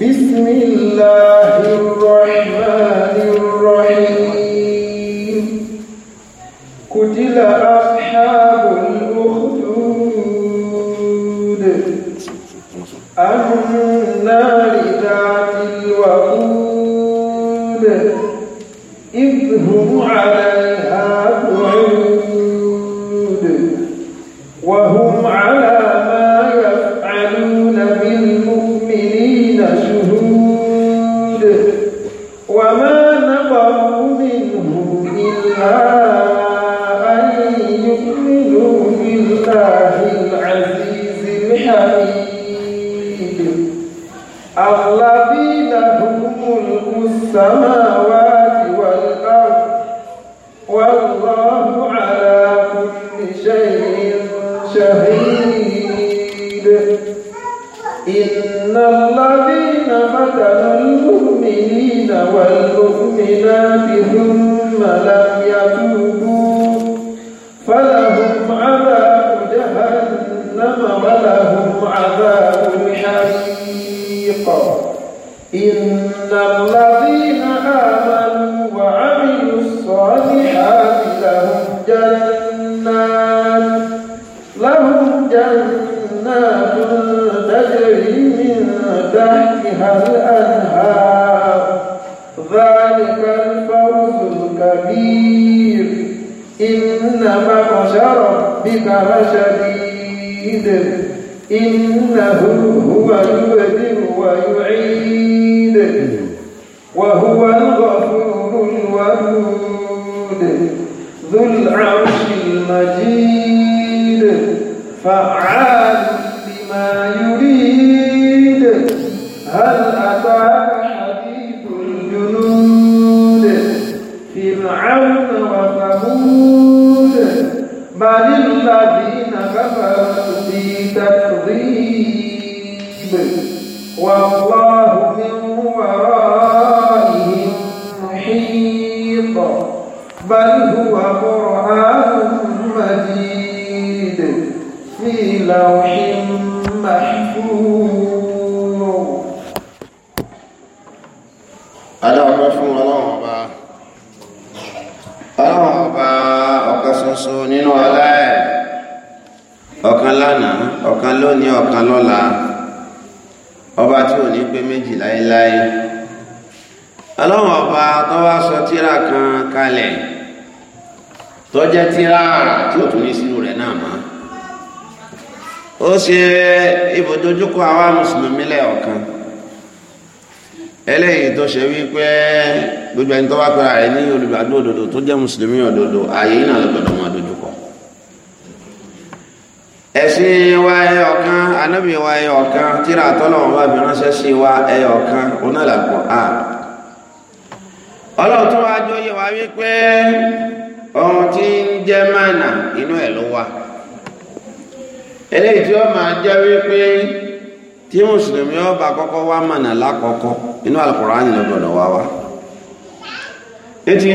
بسم الله الرحمن الرحيم قتل أهل والمؤمنات ثم لم يتوبوا فلهم عذاب جهنم ولهم عذاب الحريق إن الذين آمنوا وعملوا الصالحات لهم جنات لهم جنات تجري من تحتها الأنهار ربك لشديد إنه هو يبدر ويعيد وهو الغفور الودود ذو العرش المجيد فعال والله من ورائهم محيط بل هو قرآن مجيد في لوح محفوظ adáwọ̀pẹ́ fún ọlọ́run ọba ọlọ́run ọba ọ̀kan ṣoṣo nínú ọlá ẹ̀ ọ̀kan lánàá ọ̀kan lónìí ọ̀kan lọ́la ọba tí ò ní pé méjì láéláé ọlọ́run ọba tó wá sọ tíra kan kalẹ̀ tó jẹ́ tíra tí ó tún ní sínú rẹ̀ náà mọ́ ó ṣe ibùdójúkọ àwa mùsùlùmí lẹ́ọ̀kan eléyìí tó ṣe wípé gbogbo ẹni tó wá pẹ́ra rẹ̀ ní olùgbàdo òdodo tó jẹ́ mùsùlùmí òdodo ààyè náà lọ́gbọ̀dọ̀ ẹ̀sìn wa ẹyọ kan anábì wa ẹyọ kan tíra tọ́lọ́wọ́n bá fi sí wa ẹyọ kan onálàpọ̀ a ọlọ́run tó wáá jóye wa wípé ohun tí ń jẹ́ mánà inú ẹ̀ ló wà eléyìí tí ó máa jẹ́ wípé tí mùsùlùmí ọba kọ́kọ́ wá mánà lákọ́kọ́ inú wá wá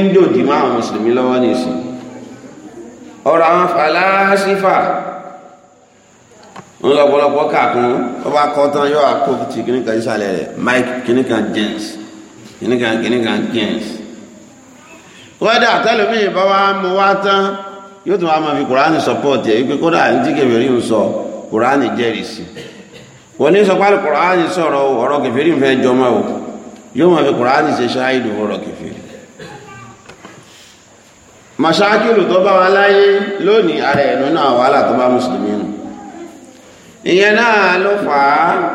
ń dòdì máa mùsùlùmí lọ́wọ́ ọ̀rọ̀ àwọn ń lọ ọ̀pọ̀lọpọ̀ kàkún ó bá kọ́ tán yóò àpò ti kìnnìkan ìsàlẹ̀ rẹ̀ mike kìnnìkan james kìnnìkan kìnnìkan james kódà tẹlifíì bá wa mú wa tán yóò tún wá máa fi kùránì sọpọ́ọ̀tì ẹ̀ wípé kódà ní tí kẹfẹ́rí ń sọ kùránì jẹ́rìí sí wọ́n ní sọ pálí kùránì sọ̀rọ̀ ọ̀rọ̀ kẹfẹ́rí ń fẹ́ jọmọ́ o yóò máa fi kùránì ṣe ṣáìdù ọ̀rọ̀ kẹfẹ́rí màṣáàkìlù tó bá wa láyé lónìí ara ẹ̀nu náà wàhálà tó bá mùsùlùmí nù ìyẹn náà ló fà á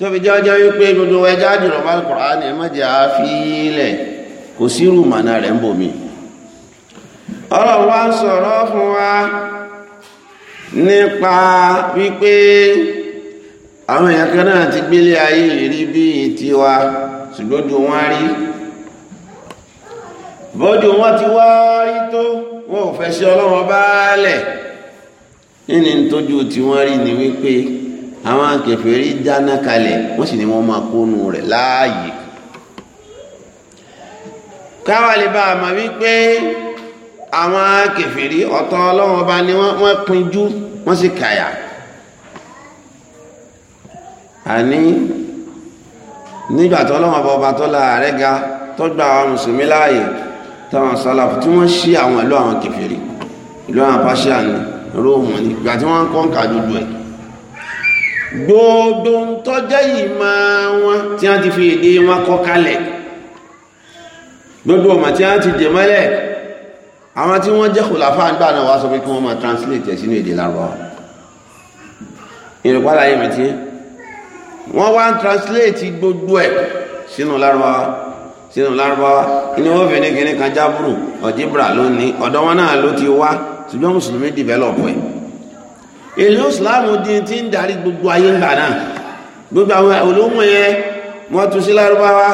tó fi jọ́jọ́ wípé gbogbo ẹjá jùlọ bá Kùránì ẹ mọ́jẹ́ á fi ilẹ̀ kò rẹ̀ ń bò mí wa ń sọ̀rọ̀ fún wa nípa wípé àwọn èèyàn kan náà ti gbélé ayé ti wá rí tó wọn ò fẹ́ nínú tójú tí wọ́n rí ni wípé àwọn akẹfẹ̀rí dáná kalẹ̀ wọ́n sì ni wọ́n máa kónú rẹ̀ láàyè káwà lè bá àmà wípé àwọn akẹfẹ̀rí ọ̀tọ̀ ọlọ́wọ́n ọba ni wọ́n pinjú wọ́n sì kàyà àní nígbà tó ọlọ́wọ́n ọba tó láàárẹ̀ ga tó àwọn mùsùlùmí láàyè táwọn sálàfù tí wọ́n ṣí àwọn ìlú àwọn kẹfẹ̀rí ìlú àwọn pàṣẹ àná róòmù ní ìgbà tí wọ́n ń kọ́ǹkà gbogbo ẹ̀ gbogbo ń tọ́jẹ́ ìmọ̀ wọn tí wọ́n ti fi èdè wọn kọ́ kalẹ̀ gbogbo ọmọ tí wọ́n ti dè mọ́lẹ̀ àwọn tí wọ́n jẹ́ kòláfà ń gbà náà wá sọ pé kí wọ́n máa translate ẹ̀ sínú èdè lárúbáwá ìrìnpàdà yìí mẹ́tí wọ́n wá ń translate gbogbo ẹ̀ sínú lárúbáwá sínú lárúbáwá inú wọ́n fi ní kíní kan jábùrù ọ̀jíbrà lónìí ọ̀dọ́ wọn náà ló ti wá ṣùgbọ́n mùsùlùmí develop ẹ̀ èyí ìsìláàmù di ti ń darí gbogbo ayé ń gbà náà gbogbo àwọn olóhùn yẹn wọ́n tún sí lárúbáwá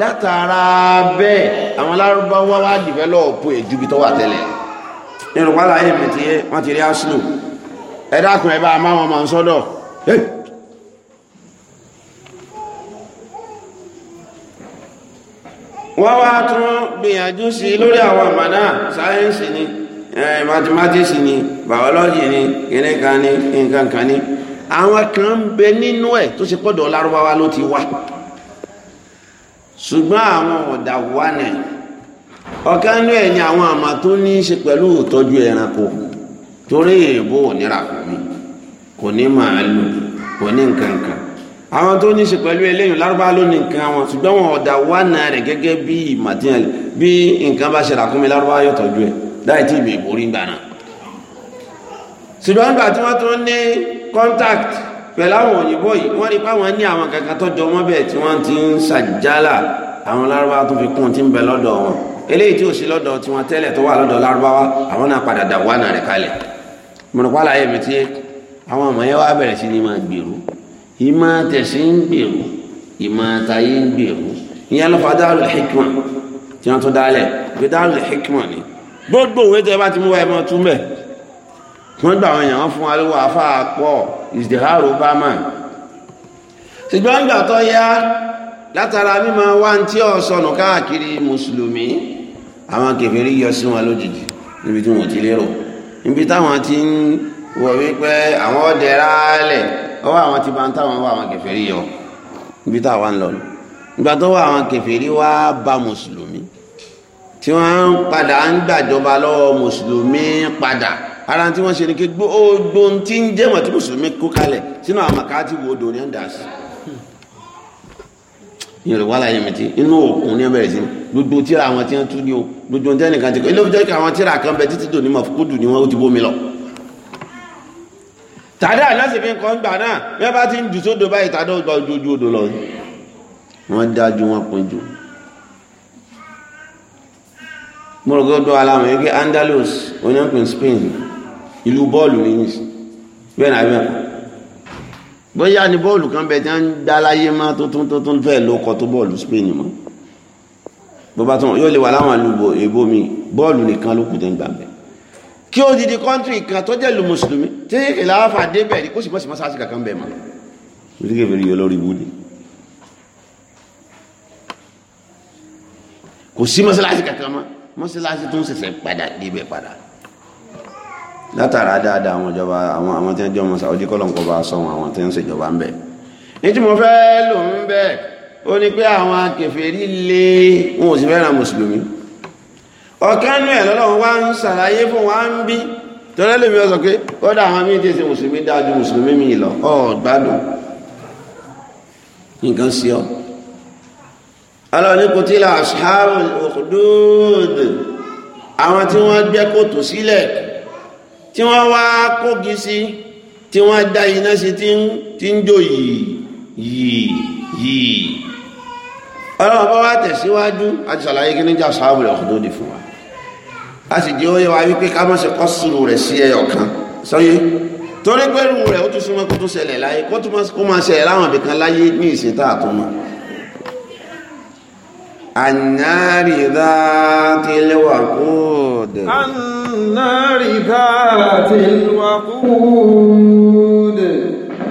látara bẹ́ẹ̀ àwọn lárúbáwá wá develop ẹ̀ ju ibi tó wà tẹ́lẹ̀ nínú pálá yẹn mi ti yẹ wọ́n ti rí arsenal ẹ dákun ẹ bá a máa wọn máa ń sọ́dọ̀ wọ́n wá tún gbìyànjú sí lórí àwọn àmàdá sáyẹ́ǹsì ni mathematics ni biology ni kìnìún kan ni nǹkan kan ni àwọn kan ń bẹ nínú ẹ̀ tó ṣe pọ̀dọ̀ lárúbáwá ló ti wá ṣùgbọ́n àwọn ọ̀dà wà náà ọ̀kan ní ẹ̀ ni àwọn àmà tó ní í ṣe pẹ̀lú ìtọ́jú ẹranko torí èèbò òníra kò ní kò ní màálù kò ní nǹkan kan àwọn tó ní í ṣe pẹ̀lú eléyìn lárúbá ló ní nǹkan wọn ṣùgbọ́n wọn ọ̀dà wà náà rẹ̀ gẹ́gẹ́ bí ìmàtíyàn bí nǹkan bá ṣe ràkúnmi lárúbá yóò tọ́jú ẹ̀ láì tí ìbè ìborí gbà náà ṣùgbọ́n nígbà tí wọ́n tún ní contact pẹ̀lú àwọn òyìnbó yìí wọ́n rí páwọn ní àwọn kankan tó jọ wọ́n bẹ́ẹ̀ tí wọ́n ti ń ṣàjálà àwọn lárúbáwá tó fi kún tí ń bẹ lọ́dọ̀ wọn eléyìí tí ò sí lọ́dọ̀ tí wọ́n tẹ́lẹ̀ tó wà lọ́dọ̀ lárúbáwá àwọn náà padà dà wánà rẹ̀ kalẹ̀ mọ̀nàpálá yẹ mi tí àwọn ọmọ yẹn wá bẹ̀rẹ̀ sí ni máa gbèrú ìmọ̀ gbogbo òwe tẹ bá ti mú wa ẹ mọ túmẹ̀ wọ́n gbà àwọn èèyàn fún aríwá afáà pọ̀ ìsìdìhárò bá mà ṣùgbọ́n ìgbà tó yá látara mímọ wá ń tí ọ sọnù káàkiri mùsùlùmí àwọn kèfèrí yọ sí wọn lójijì níbi tí wọ́n ti lérò níbi táwọn ti ń wọ̀ wípé àwọn ọdẹ ráálẹ̀ ọwọ́ àwọn ti bá ń táwọn wọ àwọn kèfèrí yọ níbi táwọn ń lọ nígbà tó wọ àwọn kèfèrí wá bá mùsùlùmí tí wọ́n ń padà ń gbàjọba lọ́wọ́ mùsùlùmí padà ara tí wọ́n ṣe ni gbogbo ohun tí ń jẹ́mọ̀ tí mùsùlùmí kó kalẹ̀ sínú àwọn àkáàtì wo odò ní ẹ̀ ń dà sí. yorùbá láyé mi ti inú òkun ní ẹbẹ̀rẹ̀ sí gbogbo tíra àwọn tí wọ́n tún ní o gbogbo ohun tẹ́nìkan ti kọ́ ilé ìjọ́ ìka àwọn tíra kan bẹ títí dòní mọ̀fúkúdù ni wọ́n ti bómi lọ. tàdá láti fi nǹkan gbà náà bí wọ́n bá ti ń dùsódò báyìí tàdá ò mọ́rọ̀gọ́dọ̀ aláwọ̀ yẹ́ kí Andalus onípin Spain ìlú bọ́ọ̀lù ní bẹ́ẹ̀nà abẹ́kọ̀ bóyá ni bọ́ọ̀lù kan bẹ̀ tí wọ́n ń dá láyé má tuntun tuntun fẹ́ ló kọ tó bọ́ọ̀lù Spain mọ́ bó bá tún yóò lè wà láwọn àlùbọ̀ èbó mi bọ́ọ̀lù nìkan ló kù tẹ́ ń gbà bẹ́ẹ̀ kí ó di di kọ́ńtírì kan tó jẹ́ lu mùsùlùmí tí ìlà afa dé bẹ̀ ni kó sì mọ́sí mọ́sáàsì kankan bẹ̀ mọ́ lórí kẹfẹ́rẹ́ yóò lórí ibùdó kò sí mọ́sáàsì kankan mọ́ mọ́sálásí tó ń ṣẹ̀ṣẹ̀ padà débẹ̀ padà látara dáadáa àwọn ìjọba àwọn àwọn tí wọ́n jẹ́ ọmọ sàwọ́dí kọ́lọ̀ nǹkan bá sọ àwọn tí wọ́n ṣèjọba ń bẹ̀ ní tí mo fẹ́ lò ń bẹ̀ ó ní pé àwọn akẹfẹ́rí lé wọn ò sì fẹ́ràn mùsùlùmí ọ̀kan nú ẹ̀ lọ́lọ́run wá ń ṣàlàyé fún wa ń bí tọ́lẹ́ lèmi ọ̀sọ̀ pé kọ́dà àwọn míì tí ṣe mùsùlùmí dájú mùsùlùmí mi lọ ọ̀ gbádùn nǹkan sí ọ ọlọ́ni kutila ashabul ukhdud àwọn tí wọ́n gbẹ́ kòtò sílẹ̀ tí wọ́n wá kógi sí tí wọ́n dá iná sí tí ń jò yìí yìí yìí ọlọ́run bá wá tẹ̀síwájú àti ṣàlàyé kí níjà ashabul ukhdud fún wa a sì jẹ́ oyé wa wípé ká mọ̀ sí kọ́sùrù rẹ̀ sí ẹyọ kan sọ́yé torí pẹ́rù rẹ̀ ó tún súnmọ́ kó tún ṣẹlẹ̀ láyé kó tún máa ṣẹlẹ̀ láwọn ibìkan láyé ní ìsìn tá àtúmọ̀ النار ذات الوقود النار ذات الوقود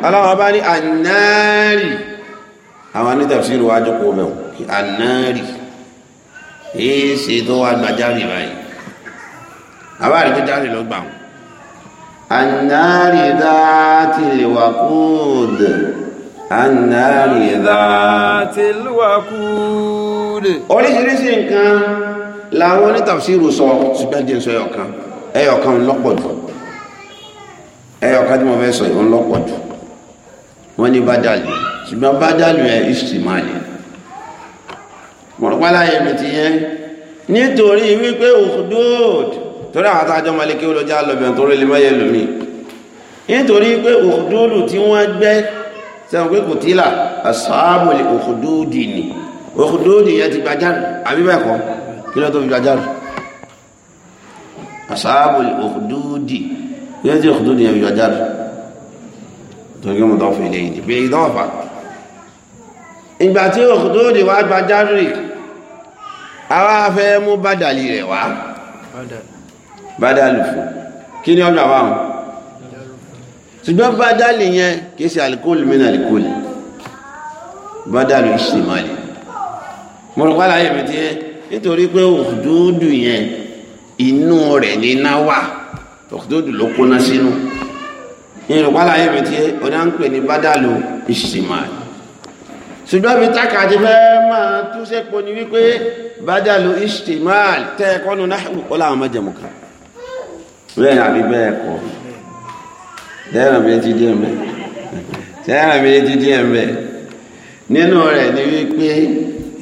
الله أباني النار أواني تفسير واجب قومه النار èyí ṣe tó wà gbàjáre báyìí àbáàrí tó járe lọ gbà wọn. annarida tilwakud annarida tilwakud lè. oríṣiríṣi nǹkan làwọn onítàfsírù sọ ṣùgbọ́n jẹ́ sọ ẹyọkan ẹyọkan ńlọ́pọ̀ jù ẹyọkan tí mo fẹ́ sọ ìwọ́n ńlọ́pọ̀ jù wọ́n ní bádàlù ṣùgbọ́n bádàlù ẹ̀ ìṣìmáàlì mọ̀rọ̀pálá yẹn mi ti yẹn nítorí wípé òkúdóòd torí àwọn àtàjọ́ malékí olójá lọ́bẹ̀ tó rí lẹ́mọ́yẹ lómi nítorí pé òkúdóòdù tí wọ́n gbẹ́ sẹ́wọ̀n pé kò tílà àsáàbòlì òkúdóòdì ni òkúdó nìyẹn ti gbajárù àbí bẹ́ẹ̀ kọ́ kí ló tó fi gbajárù àsáàbò òkúdó dì kí ló tó òkúdó nìyẹn fi gbajárù torí kí mo dán fún ilé yìí bí ìdán ọ̀fà ìgbà tí òkúdó dì wá gbajárù rè àwa fẹ́ mú bádàlì rẹ̀ wá bádàlù fún kí ni ọjà wà ṣùgbọ́n bádàlì yẹn kì í ṣe alikóòlù mẹ́rin alikóòlù bádàlù ìṣèmọ̀lì mo rò pàlàyé mi tiẹ̀ nítorí pé òkùdúdù yẹn inú rẹ̀ níná wà òkùdúdù ló kóná sínú ní rò pàlàyé ọ̀dà ń pè ní bádàlú ṣùgbọ́n mi tákà ti fẹ́ máa túnṣe pọ̀ ní wípé bádàlú ìṣìṣìmáà tẹ́ ẹ̀kọ́ nu náà ó láwọn kan bẹ́ẹ̀ àbí bẹ́ẹ̀ kọ́ nínú rẹ̀ ni wípé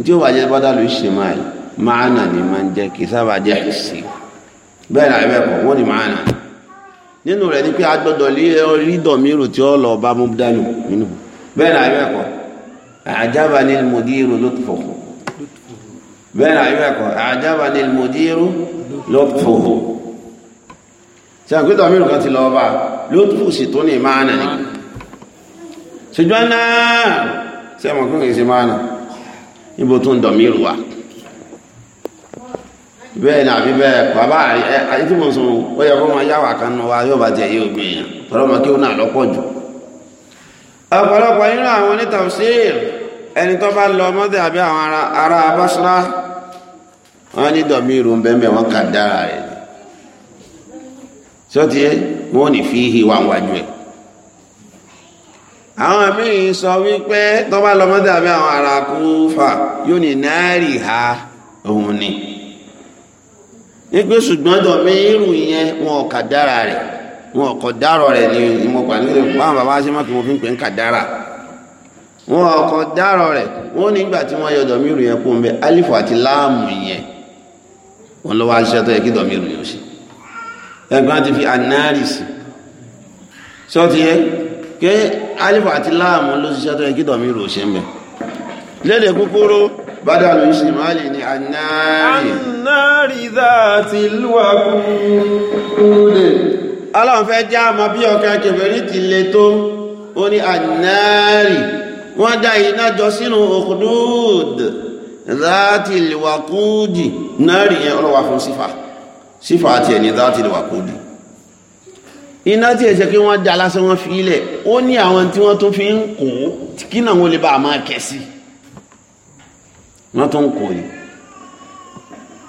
tí ó bá jẹ́ bọ́dálù ìṣèmáì máàna ni máa ń jẹ́ kì í sábà jẹ́ ìsì bẹ́ẹ̀ náà ẹ̀bẹ̀ kọ̀ wọ́n ni máàna nínú rẹ̀ ni pé a gbọ́dọ̀ rí dọ̀míìrù tí ó lọ bá mú dánù nínú bẹ́ẹ̀ náà ẹ̀bẹ̀ kọ̀ àjábà ní mòdìrú lótùfòkò bẹ́ẹ̀ náà ẹ̀bẹ̀ kọ̀ àjábà ní mòdìrú lótùfòkò tí a gbé kan ti lọ bá lótùfò sì tó ní máàna ni ṣùgbọ́n náà sẹ́mọ̀ kí n kì í ṣe máàna ibo tó ń dọ̀mí ìrù wa bẹ́ẹ̀ ni àbí bẹ́ẹ̀ bàbá àyè tí ó yẹ kó máa yá wa yóò bá jẹ yóò gbé yẹn tọ́lọ́ kí ó náà lọ́pọ̀ jù ọ̀pọ̀lọpọ̀ nínú àwọn ní ẹni tó bá lọ mọ́dé àbí àwọn ará abásúrá wọ́n ní dọ̀mí ìrù bẹ́ẹ̀ wọ́n kà dára rẹ̀ àwọn míì sọ wípé tó bá lọ mọ́tò àbí àwọn ará Kúfà yóò ní náírì ha òun ni wípé ṣùgbọ́n dọ̀mí irú yẹn wọn ò kàdára rẹ̀ wọn ò kọ̀dárọ̀ rẹ̀ ni mo pàdé báwọn bàbá ṣe mọ́ kí mo fi ń pè ń kàdára wọn ò kọ̀dárọ̀ rẹ̀ wọn nígbà tí wọ́n yọ dọ̀mí irú yẹn kó ń bẹ alifu àti láàmù yẹn wọn lọ́wọ́ aṣiṣẹ́ tó yẹ kí dọ̀mí irú yẹn ó ṣe ẹgbẹ́ wọn ti fi anárìsì sọ́ọ́ ti yẹ kí alifu àti láàmù ló ṣiṣẹ́ tó yẹ kí dọ̀mí rò ṣe ń bẹ̀ lédè kúkúrú bádàlù ìṣìmáàlì ni annáàrí annáàrí dáàtì lúwàkúrúdè aláwọn fẹ́ já ma bí ọkà kẹfẹ̀rí ti le tó ó ní annáàrí wọ́n dá iná jọ sínú òkúdúd dáàtì lúwàkúdì náà rí yẹn ọlọ́wà fún sífà sífà àti ẹni dáàtì lúwàkúdì iná tí ẹ̀ṣẹ̀ kí wọ́n já lásán wọ́n fi ilẹ̀ ó ní àwọn tí wọ́n tún fi ń kó kí náà wọ́n lè bá a máa kẹ́ sí wọ́n tún kó ni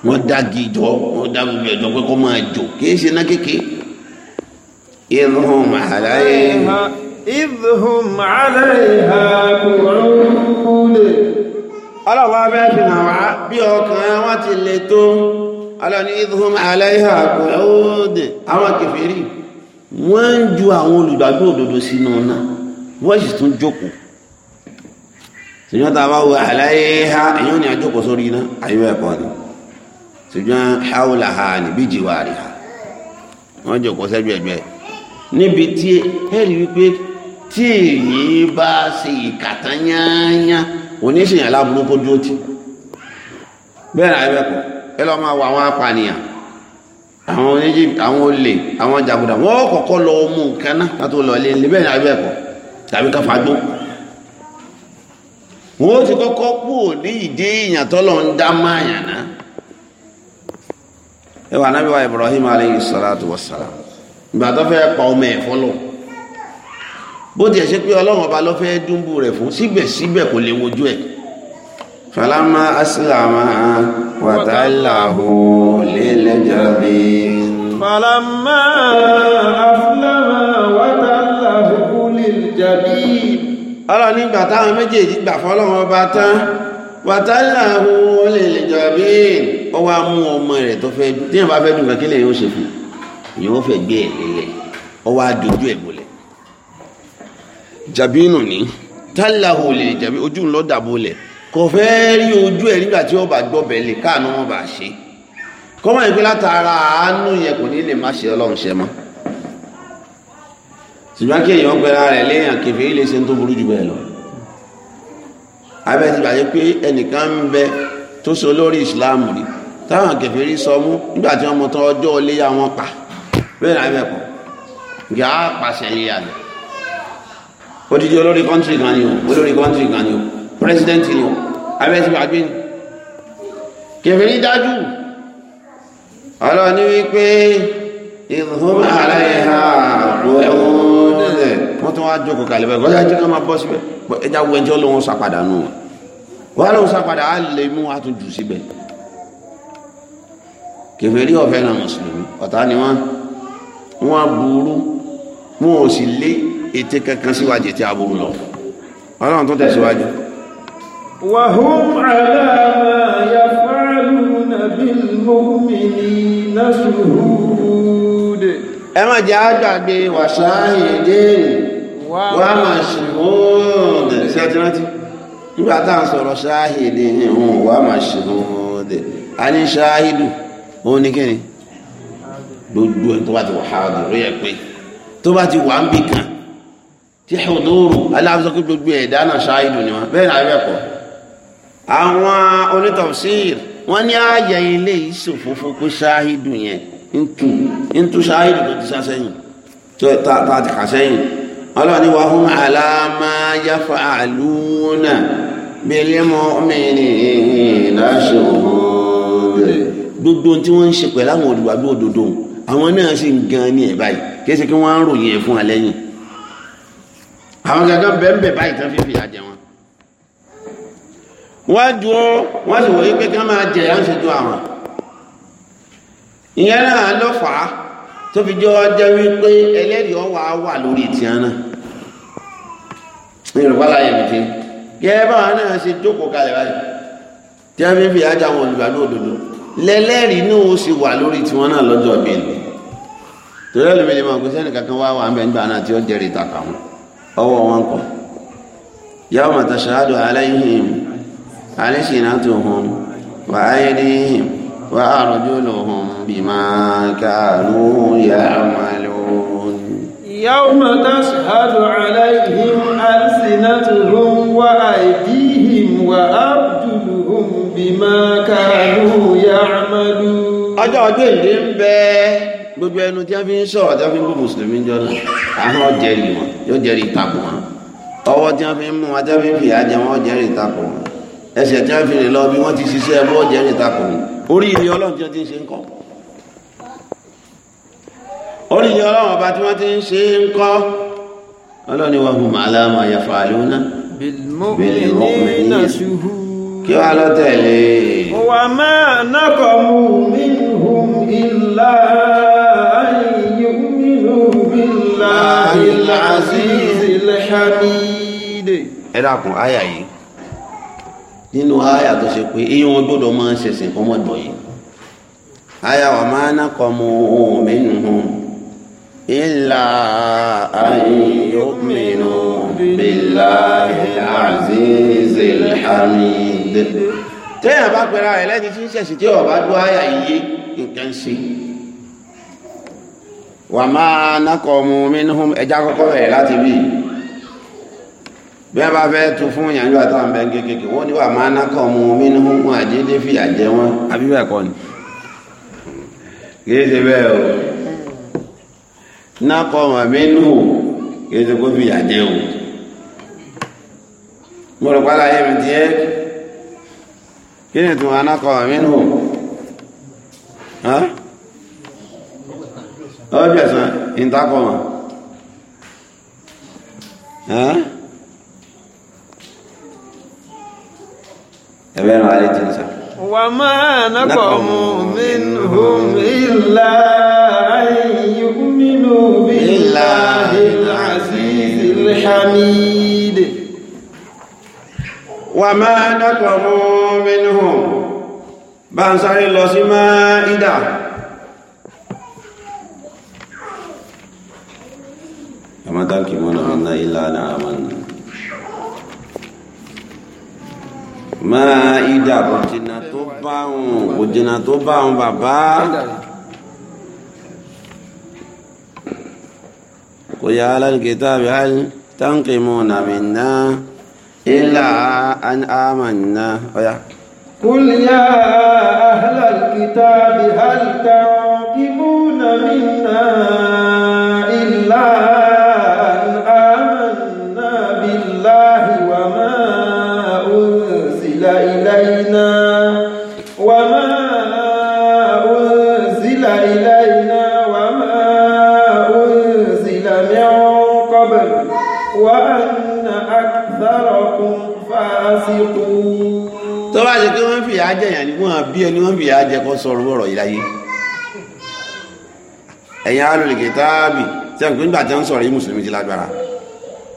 wọ́n dági jọ wọ́n dá gbogbo ẹ̀jọ̀ pé kó máa jò kìí ṣe ná kéke idhum alayha idhum alayha qu'ud ọlọ́wọ́ abẹ́ fi hàn wá bí ọkàn wọn ti le tó ọlọ́ni idhum alayha qu'ud àwọn kẹfìrí wọ́n ń ju àwọn olùgbàgbọ́ òdodo sínú ọ̀nà wọ́n sì tún jókòó ṣùgbọ́n tá a bá wọ àlàyé ha èèyàn ní àjókòó sórí iná àyíwá ẹ̀kọ́ ni ṣùgbọ́n haúlà ha níbí jìwà rí ha wọ́n jókòó sẹ́gbẹ̀gbẹ̀ níbi tí ẹ̀rí wípé tí èyí bá ṣe ìkàtà yányá oníṣèyàn láburú kójú ó ti bẹ́ẹ̀ ni àyíwá ẹ̀kọ́ ẹ lọ́ọ́ máa wọ àwọn apànìyàn àwọn oníjì àwọn olè àwọn jàgùdà wọ́n kọ́kọ́ lọ mú nǹkan náà látó lọ ilé ilé bẹ́ẹ̀ lábẹ́ ẹ̀kọ́ tàbí káfà gbó wọ́n ti kọ́kọ́ kú ní ìdí èèyàn tọ́lọ̀ ń dá máyàn náà ẹwà náà Ibrahim alayhi salatu wa salam ìgbà tó fẹ́ pa ọmọ ẹ̀ fọ́lọ̀ bó tiẹ̀ ṣe pé Ọlọ́run ọba ló fẹ́ dúnbù rẹ̀ fún síbẹ̀síbẹ̀ kò lè wojú ẹ̀ فلما أسلم وتله للجبين فلما أسلم وتله للجبين ọlọ́run nígbà táwọn méjèèjì gbà fọ́lọ́run ọba tán wàtàláhù lil-jabīn ó wá mú ọmọ rẹ̀ tó fẹ́ tí yẹn bá fẹ́ dùn kankan lẹ́yìn ó ṣe fún ìyẹn ó fẹ́ gbé ẹ̀ lélẹ̀ ó wá dojú ẹ̀ bolẹ̀ jàbínù ní tàláhù lil-jabīn ojú ńlọ dàbò lẹ̀ kò fẹ́ rí ojú ẹ̀ nígbà tí wọ́n bá gbọ́bẹ̀ lè káàánú wọn bá ṣe kọ́mọ̀ ìpín látara àánú yẹn kò ní lè má ṣe ọlọ́run ṣe mọ́ ṣùgbọ́n kí èèyàn gbẹra rẹ̀ léèyàn kẹfẹ́ ilé ṣe ń tó burú jù bẹ́ẹ̀ lọ abẹ́ ti bàjẹ́ pé ẹnìkan ń bẹ tó so lórí ìsìláàmù rí táwọn kẹfẹ́ rí sọ mú nígbà tí wọ́n mọ tán ọjọ́ iléyà wọn pa bẹ́ẹ̀ náà bẹ́ẹ̀ kọ́ gà á pàṣẹ iléyà rẹ̀ odidi olórí kọ́ńtì kan ni o olórí kọ́ńtì kan ni o president ni o abẹ́sí gbàgbé ni kẹfìrí dájú ọlọ́ni wípé ìhùnmọ́ ara ẹ̀hà ló ẹ̀wọ̀n nílẹ̀ wọ́n tún wá jókòó kalẹ̀ bẹ́ẹ̀ gọ́dá jẹ́ ká máa bọ́ síbẹ̀ ẹja wo ẹjọ́ ló ń sàpadà nù wọ́n ló ń sàpadà á lè mú wa tún jù síbẹ̀ kẹfìrí ọ̀fẹ́ náà mùsùlùmí ọ̀tá ni wọ́n wọ́n burú wọn ò sì lé ète kankan síwájú ètè aburú lọ ọlọ́run tó tẹ̀síwájú. وهم على ما يفعلون بالمؤمنين شهود أما جاءت وشاهدين وما شهود nígbà tá à شاهدين وما شهود ni شاهد wà máa ṣe lóde a ní ṣáhìdù òun ní kíni gbogbo ẹni tó bá ti wà hádùrú yẹ pé tó bá ti wà ń bì kan tí ẹ̀hùn tó rò aláàbùsọ pé gbogbo ẹ̀dá náà ṣáhìdù ni wọn bẹ́ẹ̀ ni àbẹ̀kọ̀ àwọn onítọ̀síìr wọ́n ní ààyè ilé ìṣòfófó pé ṣáhídù yẹn ntù ntù ṣáhídù tó ti sá sẹ́yìn tó ta ti kà sẹ́yìn ọlọ́ni wa hum aláàmà yáfa àlùwọ́nà bẹ́lẹ́ mọ́ mẹ́rin láṣọ bẹ́ẹ̀. gbogbo tí wọ́n ń ṣe pẹ̀lú àwọn olùgbàgbọ́ òdodo àwọn náà sì ń gan ní ẹ̀ báyìí kí ẹ ṣe kí wọ́n á ròyìn ẹ̀ fún alẹ́yìn àwọn gàgán bẹ́ẹ̀ bẹ́ẹ̀ báyìí tán fífi àjẹ wọ́n ju ó wọ́n sì wòye pé kí wọ́n máa jẹ̀yà ń ṣètò àwọn ìyẹn náà ló fà á tó fi jọ ọjọ́ wípé ẹlẹ́rìí ọwà wà lórí ìtì àná ní ìrọ̀pá láyé mi ti gẹ́gẹ́ báwa náà ṣe jókòó kalẹ̀ báyìí tí wọ́n fi fi ajá wọn òdodo lẹ́lẹ́rìí náà ó sì wà lórí tiwọn náà lọ́jọ́ torí lè máa kankan wá wà nígbà náà tí ó takà wọn ọwọ́ wọn kọ ألسنتهم وأيديهم وأرجلهم بما كانوا يعملون يوم تشهد عليهم ألسنتهم وأيديهم وأرجلهم بما كانوا يعملون أجا أجل gbogbo ẹnu tí a fi ń sọ̀rọ̀ tí a fi ń bú mùsùlùmí jọ náà àwọn jẹ́rìí wọn yóò jẹ́rìí takò wọn ọwọ́ tí a fi ń mú wọn a fi ń fìyà jẹ wọn jẹ́rìí takò wọn ẹsẹ̀ tí wọ́n fi lè lọ bí wọ́n ti ṣiṣẹ́ ẹbú ọ̀jẹ́ ní takò ní orí ilé ọlọ́run tí wọ́n ti ń ṣe ń kọ́ orí ilé ọlọ́run ọba tí wọ́n ti ń ṣe ń kọ́ ọlọ́ni wa hùm aláàmà yàfà lónà kí wọ́n lọ tẹ̀lé wà máa nákọ̀ mú minhum illa yu'minu billahi al-aziz al-hamid ẹ dákun àyà yìí nínú àyà tó ṣe pé èèyàn gbọ́dọ̀ máa ń ṣẹ̀sìn kan mọ́ yìí àyà wà máa ná kọ́ mu ohun mẹ́nu hàn ilà ayò mẹ́nu billahi azizil hamid téèyàn bá pẹ̀lú ara ẹlẹ́ni tí ń ṣẹ̀sìn tí ọba dún àyà iye nǹkan ṣe wà máa ná kọ́ mu mẹ́nu ẹja kọ́kọ́ rẹ̀ láti bíi bí wọ́n bá fẹ́ tún fún ìyànjú àtàwọn bẹ́ẹ̀ kékeré wọ́n ní wà máa ná kọ́ ọmọ omi ní hún àdédé fìyà jẹ wọn àbí bẹ́ẹ̀ kọ́ ni kìí bẹ́ẹ̀ o ná kọ́ ọmọ mi nù kìí ṣe kó fìyà jẹ o mo rò pálá yé mi tiẹ́ kí ni tún wọn ná kọ́ ọmọ mi nù ọjọ́ ìsàn ìtakọ̀ wọn. ẹ̀mẹ́rin alẹ́ ti ń sà. wà máa nàkọ̀mù minhum illa ayyuminu billahi al-azizil hamid. wà máa nàkọ̀mù minhum bá ń sáré lọ sí máa ìdá. Kama tanki mwana anna illa na amanna. máa ìdà kò jìnnà tó bá òun kò jìnnà tó bá òun bàbá kò yà á lẹ́nu kìtà bí á táǹkì mu nàmì náà ilà àmà náà قل يا أهل الكتاب هل تنقمون منا إلا ṣe pé wọ́n fìyà jẹ yàn ní wọ́n bí ẹni wọ́n fìyà jẹ kọ́ sọ̀rọ̀ ọ̀rọ̀ yìí láyé ẹ̀yin alòlùkè táàbì sẹ́yìn pé nígbà tí wọ́n sọ̀rọ̀ yìí mùsùlùmí ti lágbára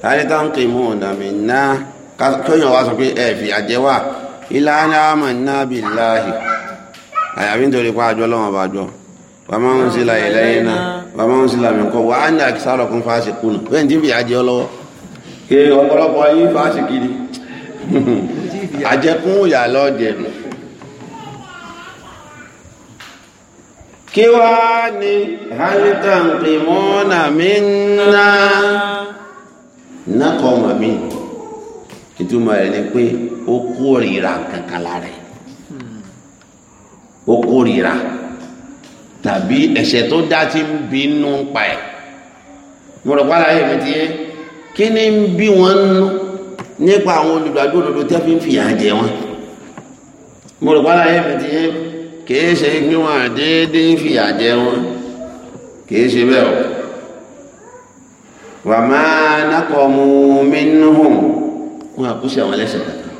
tàbí táwọn kì í mú ọ̀nà mi ná kéèyàn wá sọ pé ẹ̀ fìyà jẹ wà ìlànà àmà náà bì láàyè àyàfi nítorí pa àjọ lọ́wọ́ bá jọ bàmá ń sí la ìlẹ́yìn náà bàmá ń sí la mìíràn wà á ní àkísàrọ̀ kún fáṣí kùnà bẹ́ẹ̀ àjẹkún ìyà lọ́jẹ̀nù kí wá ní nákọ̀ ọmọ mi ìtumọ̀ rẹ̀ ni pé ó kórìíra kankan lára tàbí ẹ̀ṣẹ̀ tó dá ti ń pa ẹ̀ mo rọ̀ kí ni ń wọn nú. nípa àwọn olùgbàgbọ́ òdodo tẹ́ fi ń fìyà jẹ wọn mo rò pálá yẹn fìdí yẹn kìí ṣe pé wọn àdéédé ń fìyà jẹ wọn kìí ṣe bẹ́ẹ̀ o wà máa nákọ̀ọ́mù mi nínú hùn wọn àkúṣe àwọn ẹlẹ́sẹ̀ kankan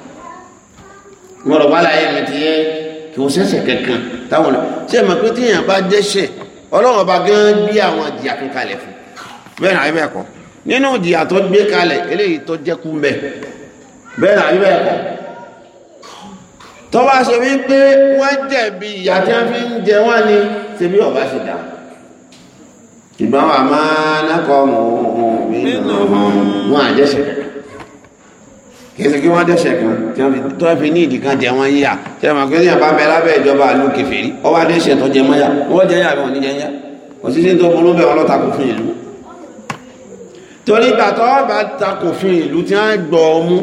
mo rò pálá yẹn fìdí yẹn kì í ṣẹ̀ṣẹ̀ kankan táwọn lọ ṣé mọ̀ pé tíyàn bá dẹ́ṣẹ̀ ọlọ́run ọba gan gbé àwọn ìjìyà kankan lẹ̀ fún bẹ́ẹ̀ ni àyẹ̀bẹ̀ kọ́ nínú ìjìyà tó gbé kalẹ̀ eléyìí tó jẹ́kú mbẹ̀ bẹ́ẹ̀ náà níbẹ̀ kọ́ tó bá ṣe wípé wọ́n jẹ̀bi ìyà tí wọ́n fi ń jẹ wọ́n ni ṣe bí ọba ṣe dá ìgbọ́n wà máa lákọ̀ mọ̀ nínú wọn àjẹsẹ̀ kìí ṣe kí wọ́n dẹ́ṣẹ̀ kan tí wọ́n fi tó fi ní ìdí kan jẹ wọ́n yíyà tí wọ́n kí wọ́n bá bẹ lábẹ́ ìjọba àlú kẹfìrí ọwọ́ adẹ́ṣẹ̀ tó jẹ mọ́ yà wọ́n jẹ yà bí wọ́n ní jẹ torí gbàtọ́ bá takò fún ìlú tí wọ́n gbọ́ ọmú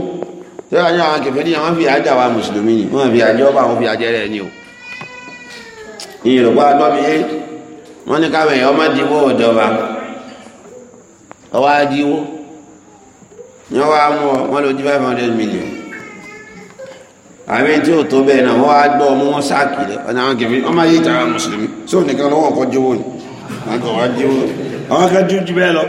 tí wọ́n yọ àwọn kẹfẹ́ ní àwọn fi àjà wa mùsùlùmí ni wọ́n fi àjọ bá àwọn fi àjẹ rẹ̀ ni o ìyẹ̀rọ̀pá gbọ́mi yé wọ́n ní káwọn èèyàn ọmọ dìbò ọ̀dọ́ba ọwọ́ adìwó ni wọ́n wá mú ọ wọ́n lọ di five hundred million àmì tí ò tó bẹ́ẹ̀ náà wọ́n wá gbọ́ ọmú wọn sáàkì rẹ̀ ọ̀nà àwọn kẹfẹ́ ọmọ yìí tàwọn mùsùlùmí sóò nìkan lọ́wọ́ ọkọ̀ jówó ni àwọn kan jówó àwọn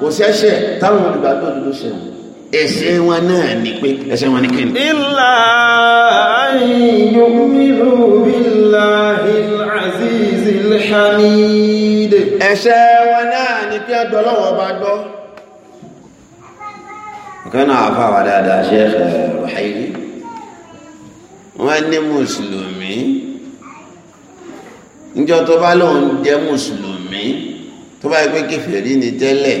kò sẹ́sẹ̀ táwọn olùgbàgbọ́ òdodo ṣe ẹ̀ṣẹ̀ wọn náà ni pé ẹ̀ṣẹ̀ wọn ni kí ni. ilà ayélujára billahi al-aziz al-hamid. ẹ̀ṣẹ̀ wọn náà ni pé ẹ̀dọ́ lọ́wọ́ bá gbọ́. ọ̀kan náà fà wá dáadáa ṣe é ṣe wáyé wọ́n ní mùsùlùmí níjọ́ tó bá lóun jẹ́ mùsùlùmí tó bá yẹ pé kèfèrí ni tẹ́lẹ̀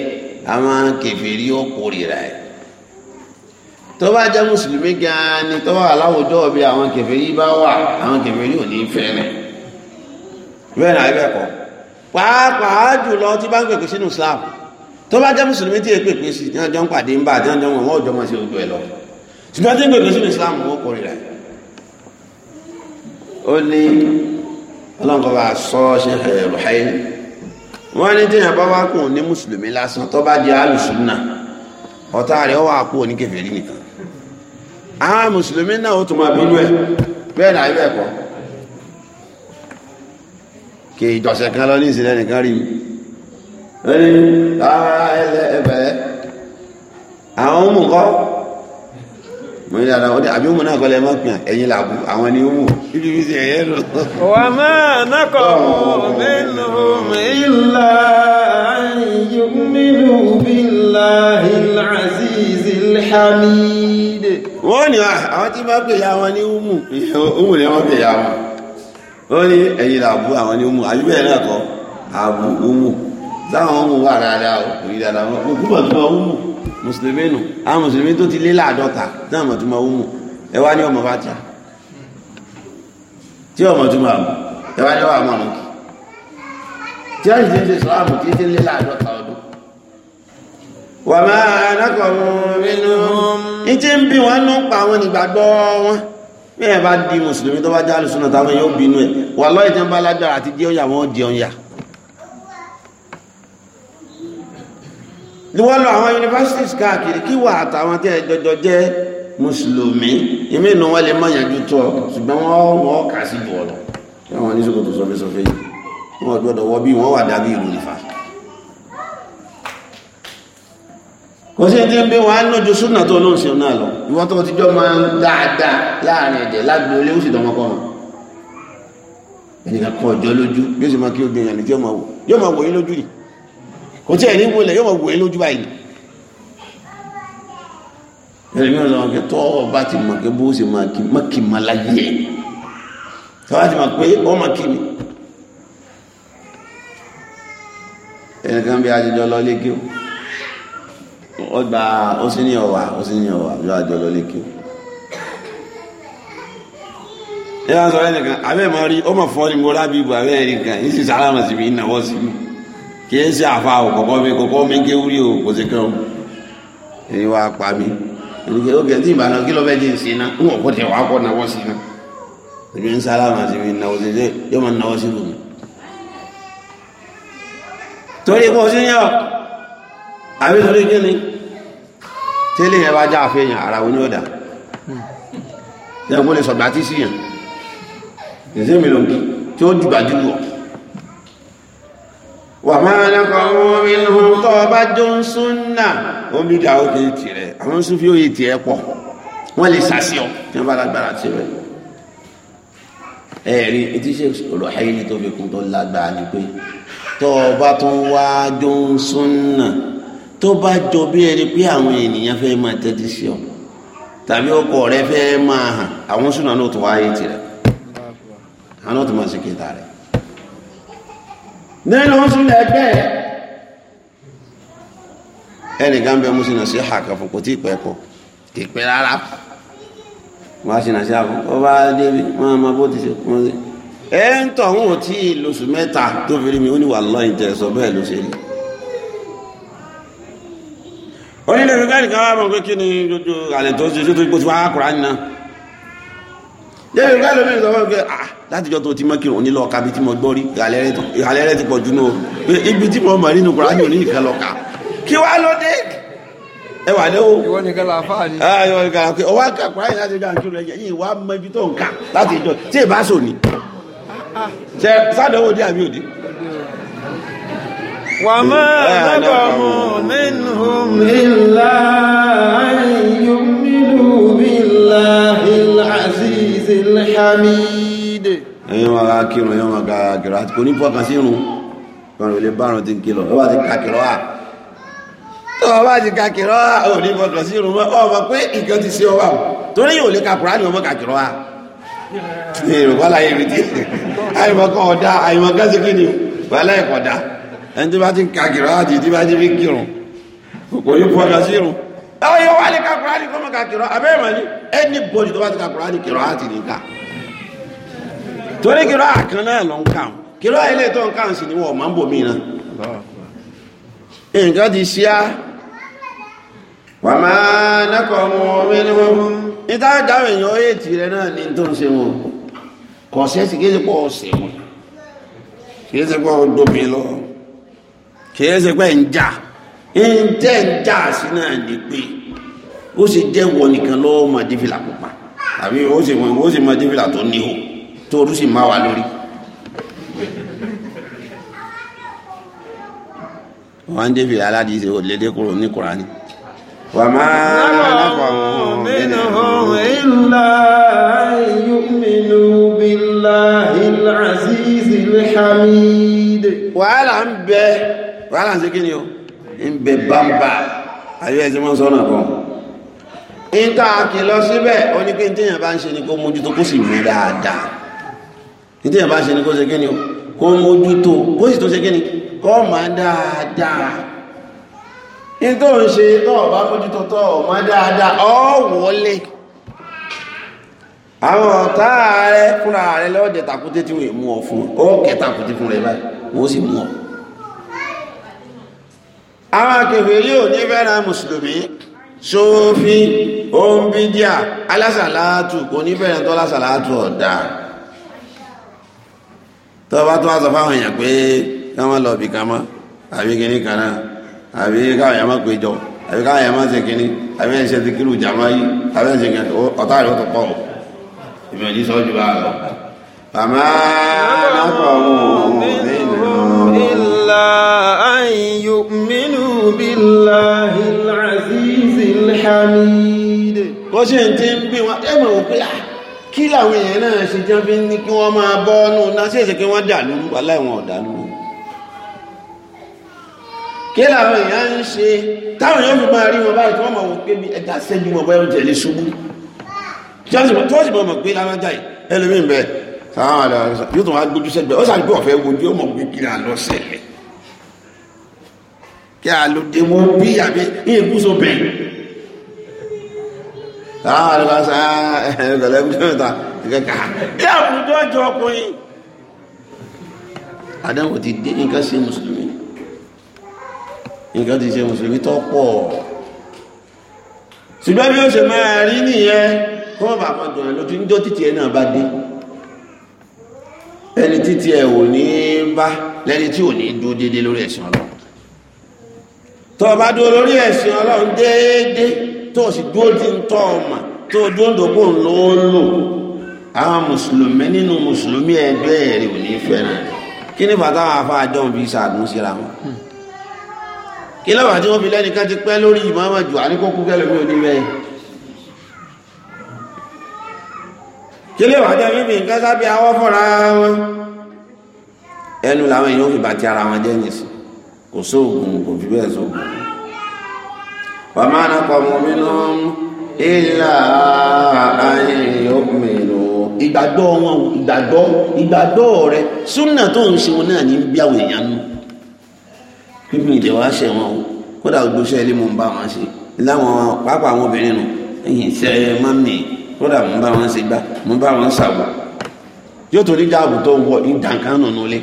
àwọn kèfèrí ó kórìíra ẹ̀ tó bá jẹ́ mùsùlùmí gan ni tó wà láwùjọ bí àwọn kèfèrí bá wà àwọn kèfèrí ò ní fẹ́ bẹ́ẹ̀ náà ibẹ̀ kọ́ pàápàá jùlọ tí bá ń pèpè sínú Islam tó bá jẹ́ mùsùlùmí tí èpè pè sí jọ́njọ́ ń pàdé ń bá jọ́njọ́ wọn wọ́n jọ mọ̀ sí ojú ẹ̀ lọ ṣùgbọ́n tí ń pèpè sínú Islam ó kórìíra ẹ̀ ó ní ọlọ́nkọ́ bá sọ ṣe ẹ̀rù wọ́n ní tí ìyàbá wá kùn ní mùsùlùmí lásán tó bá di alùsùnà ọ̀tá rẹ̀ wà kú ní kèfèrí nìkan àwọn mùsùlùmí náà ó tún máa bínú ẹ̀ bẹ́ẹ̀ náà ibẹ̀ kọ́ kì í jọ̀sẹ̀ kan lọ ní ìsìlẹ̀ nìkan rí ẹni ah, àwọn ọmọ nǹkan mo ní dáadáa ọdẹ àbí òun náà kọlẹ máa pìyàn ẹ̀yin làbú àwọn ni ó mú ibi bí sí ẹyẹ lọ. wà á máa nákọ mẹ́nu ìlà yu'minu billahi al-aziz al-hamid. wọ́n ní àwọn tí máa pè ya wọn ní umu umu ni wọ́n pè wọn. wọ́n ní ẹ̀yin làbú àwọn ni umu àbí bẹ́ẹ̀ náà kọ́ àbú umu táwọn umu wà dáadáa kò ní dáadáa wọn kò kúbọ̀ tó wọn umu mùsùlùmí nù àwọn mùsùlùmí tó ti lé láàdọ́ta tí àwọn ọmọtúnmọ̀ ó mú ẹ wá ní ọmọ fàtíà tí ọmọtúnmọ̀ àmọ́ ẹ wá ní ọmọ àmọ́ àmọ́ kì tí a sì ti ṣe sọ́ọ́mù tí ti lé láàdọ́ta ọdún. wà á máa alákọ̀ọ́mù nínú ní tí ń bí wọn nú pa àwọn ìgbàgbọ́ wọn bí ẹ bá di mùsùlùmí tó bá jálùsùn náà táwọn yóò bínú ẹ wà lọ́ọ̀ wọ́n lọ àwọn universities káàkiri kí wà àtàwọn tí ẹjọjọ jẹ́ mùsùlùmí ìmí inú wọn lè mọ̀ yànjú tó ọ ṣùgbọ́n wọ́n wọ́n kà sí bọ̀ lọ kí àwọn oníṣòkòtò sọfẹ́sọfẹ́ yìí wọ́n gbọ́dọ̀ wọ́ bí wọ́n wà dàbí ìlú nìfà kò sí ẹtí ń bí wọn á lójú súnà tó lóun ṣe náà lọ ìwọ́n tó ti jọ máa ń dáadáa láàrin ẹ̀jẹ̀ lágbo ilé ó sì dánwọ́ kọ́ wọn ẹnìkan kọ ọjọ́ lójú bí ó sì máa kí ó gbìyànjú yóò máa wò yóò máa wò yín lójú yìí kò tí ẹ̀ ní wọlé yóò mọ̀ wọlé báyìí ẹ̀rẹ̀ mi ò lọ tọ́ ọba ti mọ̀ kẹ bó ṣe má má láyé ẹ̀ tọ́wá ti mọ̀ pé ó máa kì mí ẹnìkan bí ajọjọ lọ lékè o ó gba ó ní ọwà ó ní ọwà yóò ajọ lọ o sọ ẹnìkan abẹ́ mọ̀ rí ó mọ̀ fọ́ kì í ṣe àfa o kọ̀kọ́ mi kọ̀kọ́ mi ké wúrí o kò sí kan o èyí wàá pa mi èdèké ó gẹ̀ tí ìbànú kí ló fẹ́ jí sí iná ń wọ̀ kó tẹ̀ wá kọ́ náwó sí iná èmi ń sálámà sí mi náwó sí ilé yóò máa náwó sí lùmí. torí kó o sí yàn àbí torí kí ni tẹ́lẹ̀ yẹn bá já àfihàn ara wọn yóò dà yẹn kó lè sọ̀gbà tí sí yàn ìṣe mi lòdì tí ó dùgbà jù وما نقعوا منهم طابة سنة wọ́n bí dáwọ́ kì í tì rẹ̀ àwọn súnfí ó yé tì ẹ́ pọ̀ wọ́n lè sàṣì ọ́ tí wọ́n bá lágbára tì rẹ̀ ẹ̀rí etí ṣe olùhàyè ní tó fi kún tó lágbára ni pé tó o bá tún wá jó ń súnà tó bá jọ bí ẹni pé àwọn ènìyàn fẹ́ máa tẹ́tí sí ọ tàbí ọkọ rẹ fẹ́ máa hàn àwọn súnà náà tó wáyé tì rẹ̀ àwọn tó máa ṣe kéta rẹ̀ nínú súnlẹ̀ ẹgbẹ́ ẹnìkan bẹ mú sí nà sí àkà fún kò tí ì pẹ́ kọ kì í pẹ́ rárá wá sí nà sí àkà ó bá débi máa ma bó ti ṣe kún sí ẹ ń tọ̀ ń wò tí lóṣù mẹ́ta tó fi rí mi ó ní wà lọ́yìn tẹ̀ sọ bẹ́ẹ̀ ló ṣe rí jẹ́bi ká lómi sọ fún mi pé ah láti jọ tó ti mọ́ kírun nílò ọ̀ka bí tí mo gbọ́ rí ìhàlẹ́ rẹ ti pọ̀ jù náà pé ibi tí mo mọ̀ nínú kura ní òní nìkan lọ́ka kí wàá ló dé ẹ wà lé o ìwọ nìkan la fa ni. ah ìwọ nìkan la fa ọwọ́ àkà kura yìí láti jọ àǹkí rẹ yìí wàá mọ ibi tó ń kà láti jọ tí ì bá sọ ni. ṣe sádọ̀wọ́ dé àbí òde. wà á máa lọ́wọ́ mu nínú mi. ilà ayé mi lù mí láhìlá sí bil hamid ẹ̀yìn wọn ká kírun ẹ̀yìn wọn ká kírun àti kò ní fọkàn sí irun kọrin olè bá irun ti ń kírun ó bá ti ká kírun à ah. tó o bá ti ká kírun à ah, ò ní fọkàn sí irun mọ́ ọ mọ̀ pé nǹkan ti ṣe ọba torí yóò lè ka kúrò ah. ní ọmọ ká kírun à ní èrò wàhálà yìí rìndí àyùmọ̀kọ́ ọ̀dà àyùmọ̀kọ́ sí kíni wàhálà ẹ̀kọ́ dá ẹni tí bá ti ká kírun àti tí bá ti fi kírun kò ní fọkàn sí irun táwọn yóò wá lè ka kùránì kọ́ mọ́ ká kìrọ̀ abẹ́rẹ́ mọ́ ni ẹni bọ́ọ̀lì tó bá ti ka kùránì kìrọ̀ á ti lè ka torí kìrọ̀ àkàn náà lọ ń kàn kìrọ̀ ilé tó ń kàn sí ni wọ́n máa ń bò mí náà nǹkan ti ṣí á wà máa nẹ́kọ̀ ọmọ omi ní wọ́n mú níta dáwọn èèyàn ó yètì rẹ náà ní tó ń ṣe wọn kò sẹ́sì kí pọ̀ ọ̀sẹ̀ wọn kì í ṣe pọ̀ ọdọ́mi lọ kì í ṣe pẹ́ ń jà ntẹ́ ń já sí náà ni pé ó sì jẹ́ wọ nìkan lọ́wọ́ máa dé fìlà pupa àbí ó sì wọ́n ó sì máa dé fìlà tó níhò tó orú sì máa wà lórí. wọ́n á dé fìlà aládìsí ò lédè kúrò ní Kùránì. wà á máa lọ́kọ̀ àwọn ọ̀gbìn إلا يؤمنوا بالله العزيز الحميد wàhálà ń bẹ wàhálà ń ṣe kí ni o ń bẹ bámbà àbí ẹ̀sìn mọ́ sọ́nà kan ń ta àkè lọ síbẹ̀ ó ní pé tíyàn bá ń ṣe ni kó mójútó kó sì mú dáadáa tíyàn bá ń ṣe ni kó ṣe kí ni o kó mójútó kó sì tó ṣe kí ni kó má dáadáa ní tó ń ṣe tó ọ̀bá mójútó tó ọ̀má dáadáa ọ̀ wọlé àwọn ọ̀tá rẹ fúnra rẹ lọ́jẹ̀ tàkúté tí wọ́n mú ọ fún ọ kẹtàkúté fún rẹ báyìí wọ́n sì mú ọ àwọn kèfèrí ò ní fẹ́ràn mùsùlùmí sófí ombidia alásàlátù kò ní fẹ́ràn tó lásàlátù ọ̀dá tó bá tó wá fáwọn èèyàn pé káwọn lọ bí kámọ́ àbí kìíní kan àbí káwọn èèyàn péjọ àbí káwọn èèyàn ṣe kìíní àbí ẹ̀ ti kírù jàmá yìí àbí ẹ̀ ń بالله العزيز الحميد wọ́n ṣe ń tí ń bí wọn ẹ̀mọ̀ òpé à ah, kí làwọn èèyàn náà ṣe jẹ́ fi ní kí wọ́n máa bọ́ ọ́nù náà sí èsì kí wọ́n dà lóru wà láìwọ̀n ọ̀dà lóru kí làwọn èèyàn ń ṣe táwọn èèyàn fi máa yóò tún wá gbójú ó sàgbé ọ̀fẹ́ wojú ó mọ̀ pé kí kí a lò dé wọn bí àbí ní ìkúso bẹ̀. àwọn ah, àlùbá sá eh, eh, ẹ̀ẹ́dọ̀lẹ́ ẹ̀kúso mẹ́ta ìkẹ́kà bí àbùdó jọ ọkùnrin. adáwọ̀ ti dé nǹkan ṣe mùsùlùmí nǹkan ti ṣe mùsùlùmí tó pọ̀ ṣùgbọ́n bí ó ṣe máa rí nìyẹn kó wọ́n bá pọ̀ jọ̀rọ̀ lójú níjọ́ títí ẹ̀ náà bá dé ẹni títí ẹ̀ ò ní bá lẹ́ni tí ò ní dúró déédéé lórí ẹ̀sìn ọlọ́run tó o bá dúró lórí ẹ̀sìn ọlọ́run déédéé tó o sì dúró tí ń ọmọ tó o dúró dògbò ló lò àwọn mùsùlùmí nínú mùsùlùmí ẹgbẹ́ rẹ̀ ò ní fẹ́ràn kí ni bàtà àwọn afá àjọ òbí sàdún síra wọn kí lọ́wọ́ tí wọ́n fi lẹ́nìkan ti pẹ́ lórí ìmọ̀ọ́mọ̀ jù àríkókú kẹlẹ́mí ò ní bẹ́ẹ̀ kí lè wájọ́ mímí nǹkan sábẹ́ awọ́ fọ́ra wọn ẹnu làwọn èèyàn ò fi bàtí ara wọn jẹ́ nìsín kò sóògùn kò fi bẹ́ẹ̀ sóògùn bàmá nàkọ mọ mi nù ilà ayé ọkùnrin ìlú. ìgbàgbọ́ wọn ìgbàgbọ́ ìgbàgbọ́ rẹ súnà tó ń ṣe wọn náà ní bí àwọn èèyàn nù pípín ìdẹ̀wọ̀ àṣẹ wọn o kódà gbóṣẹ́ ilé mo ń bá wọn ṣe láwọn pápá àwọn obìnrin nù ẹ̀yìn iṣẹ́ mọ́mì kódà mo ń bá wọn ṣe gbá mo ń bá wọn ṣàwọ̀ yóò torí dáàbò tó wọ ìdàǹkan nulẹ̀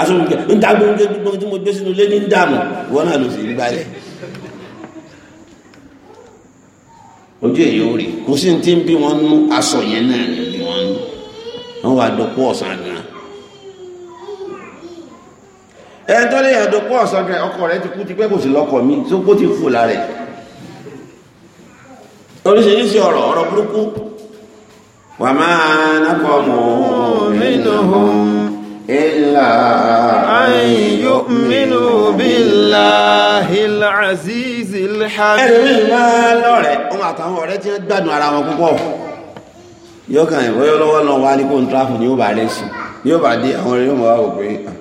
asọ̀rọ̀ nta gbẹ̀ngẹ̀ gbogbo tí mo gbé sínú lé ní dààmú wọn náà ló sì rí balẹ̀ ojú èyí ò rí kò sí ti ń bí wọn nú aṣọ yẹn náà ní bí wọn nú wọn wà dọ̀pọ̀ ọ̀sán gan ẹni tó lè yàn dọ̀pọ̀ ọ̀sán gan ọkọ rẹ ti kú ti pẹ́ kò sí lọ́kọ mi tó kó ti fò lára ẹ̀ oríṣiríṣi ọ̀rọ̀ ọ̀rọ̀ burúkú. وما نقموا منهم إلا أن يؤمنوا بالله العزيز الحميد ọmọ àtàwọn ọ̀rẹ́ tí ó gbádùn ara wọn púpọ̀ yóò kàn ìwọ́ yóò lọ́wọ́ wá ní kó tráfù ní ó bá rẹ̀ sí bá dé àwọn yóò mọ̀ ah,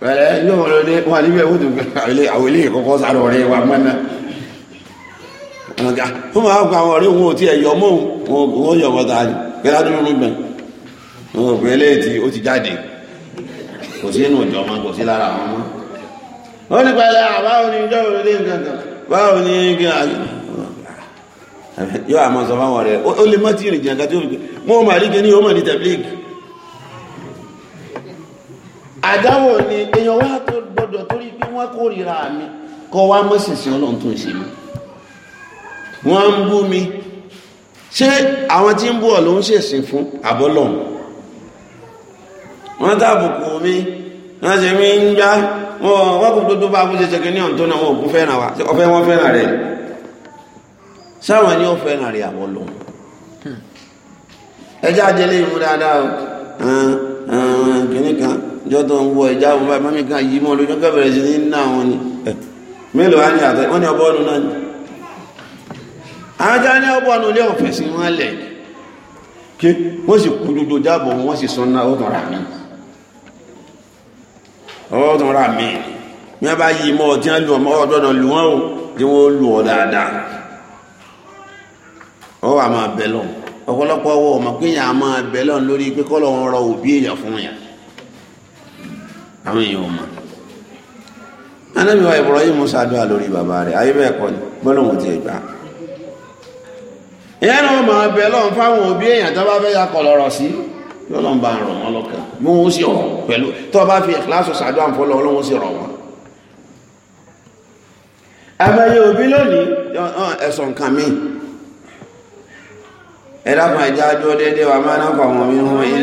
pẹ̀lẹ́ yóò mọ̀ wà níbi tó gbé àwọn ilé ìkọ́kọ́ sáré ọ̀rẹ́ wa ọ̀gá wọ́n máa gba àwọn ọ̀rẹ́ òun ò tí ẹ̀ yọ mọ́ òun òun yọ̀ mọ́ta ni pẹ̀lú adúlọ́run gbọ̀n òun òpin eléyìí ó ti jáde kò sí inú ìjọ ọmọ kò sí lára àwọn ọmọ. wọ́n ní pẹ̀lẹ́ àbáwo ni ìjọ òun lè nǹkan kan báwo ni kí n àyè yóò àmọ́ sọ fáwọn ọ̀rẹ́ ó lè má tí ìrìn jìnnà kátó olùgbé wọ́n máa rí kíní ó mọ̀ ní tẹ̀blíìkì. àdáwò ni èèyàn wá tó gbọdọ̀ torí pé wọ́n kórìíra mi kọ́ wá mọ́ sísìn ọlọ́run tó ń ṣe mí wọ́n ń bú mi ṣé àwọn tí ń bú ọ̀ ló ń ṣèsìn fún àbọ́lọ̀hún wọ́n dáàbòkù mi wọ́n ṣe mi ń gbá wọ́n wọ́n kò dúdú bá búṣe ṣe kìíní ọ̀tọ́ náà wọ́n òkú fẹ́ràn wa ọ̀fẹ́ wọn fẹ́ràn rẹ̀ sáwọn ni ó fẹ́ràn rẹ̀ àbọ́lọ̀hún ẹjá jẹlé ìmú dáadáa kìíní kan jọ tó ń wọ ẹjá wọn báyìí mọ́mí kan yìí mọ́ lójú kẹfẹ̀rẹ̀ sí ní náà wọn ni mélòó wá ní àtẹ wọn ni ọbọ̀ ọdún náà àwọn jáde ọbọ̀ ní olé ọ̀fẹ́ sí wọ́n lẹ̀ kí wọ́n sì kú dúdú jábọ̀ wọ́n sì sọ náà ọdún rà mí ọdún rà mí ní a bá yí mọ́ ọdún lù ọmọ ọdọ́dọ̀ lù wọ́n o kí wọ́n lù ọ dáadáa ọ wà máa bẹ̀ lọ ọ̀pọ̀lọpọ̀ ọwọ́ ọmọ pé yàn á máa bẹ̀ lọ lórí pé kọ́lọ̀ wọn rọ òbí èèyàn fún yàn àwọn èèyàn ọmọ anábìwá Ibrahim Musa dúà lórí bàbá rẹ̀ ayé bẹ́ẹ̀ kọ́ ni gbọ́dọ̀ ìyẹn náà máa bẹ lọ́n fáwọn òbí èèyàn tó bá fẹ́ ya kọ̀ lọ́rọ̀ sí yóò lọ́n bá rọ̀ wọn lọ́kàn bí wọ́n sì rọ̀ pẹ̀lú tó bá fi ìkíláàsì ṣàdó àǹfọ̀lọ́ ọlọ́wọ́n sì rọ̀ wọn. àmọye òbí lónìí ẹ̀sọ̀ nǹkan wa máa náà fàwọn mi hàn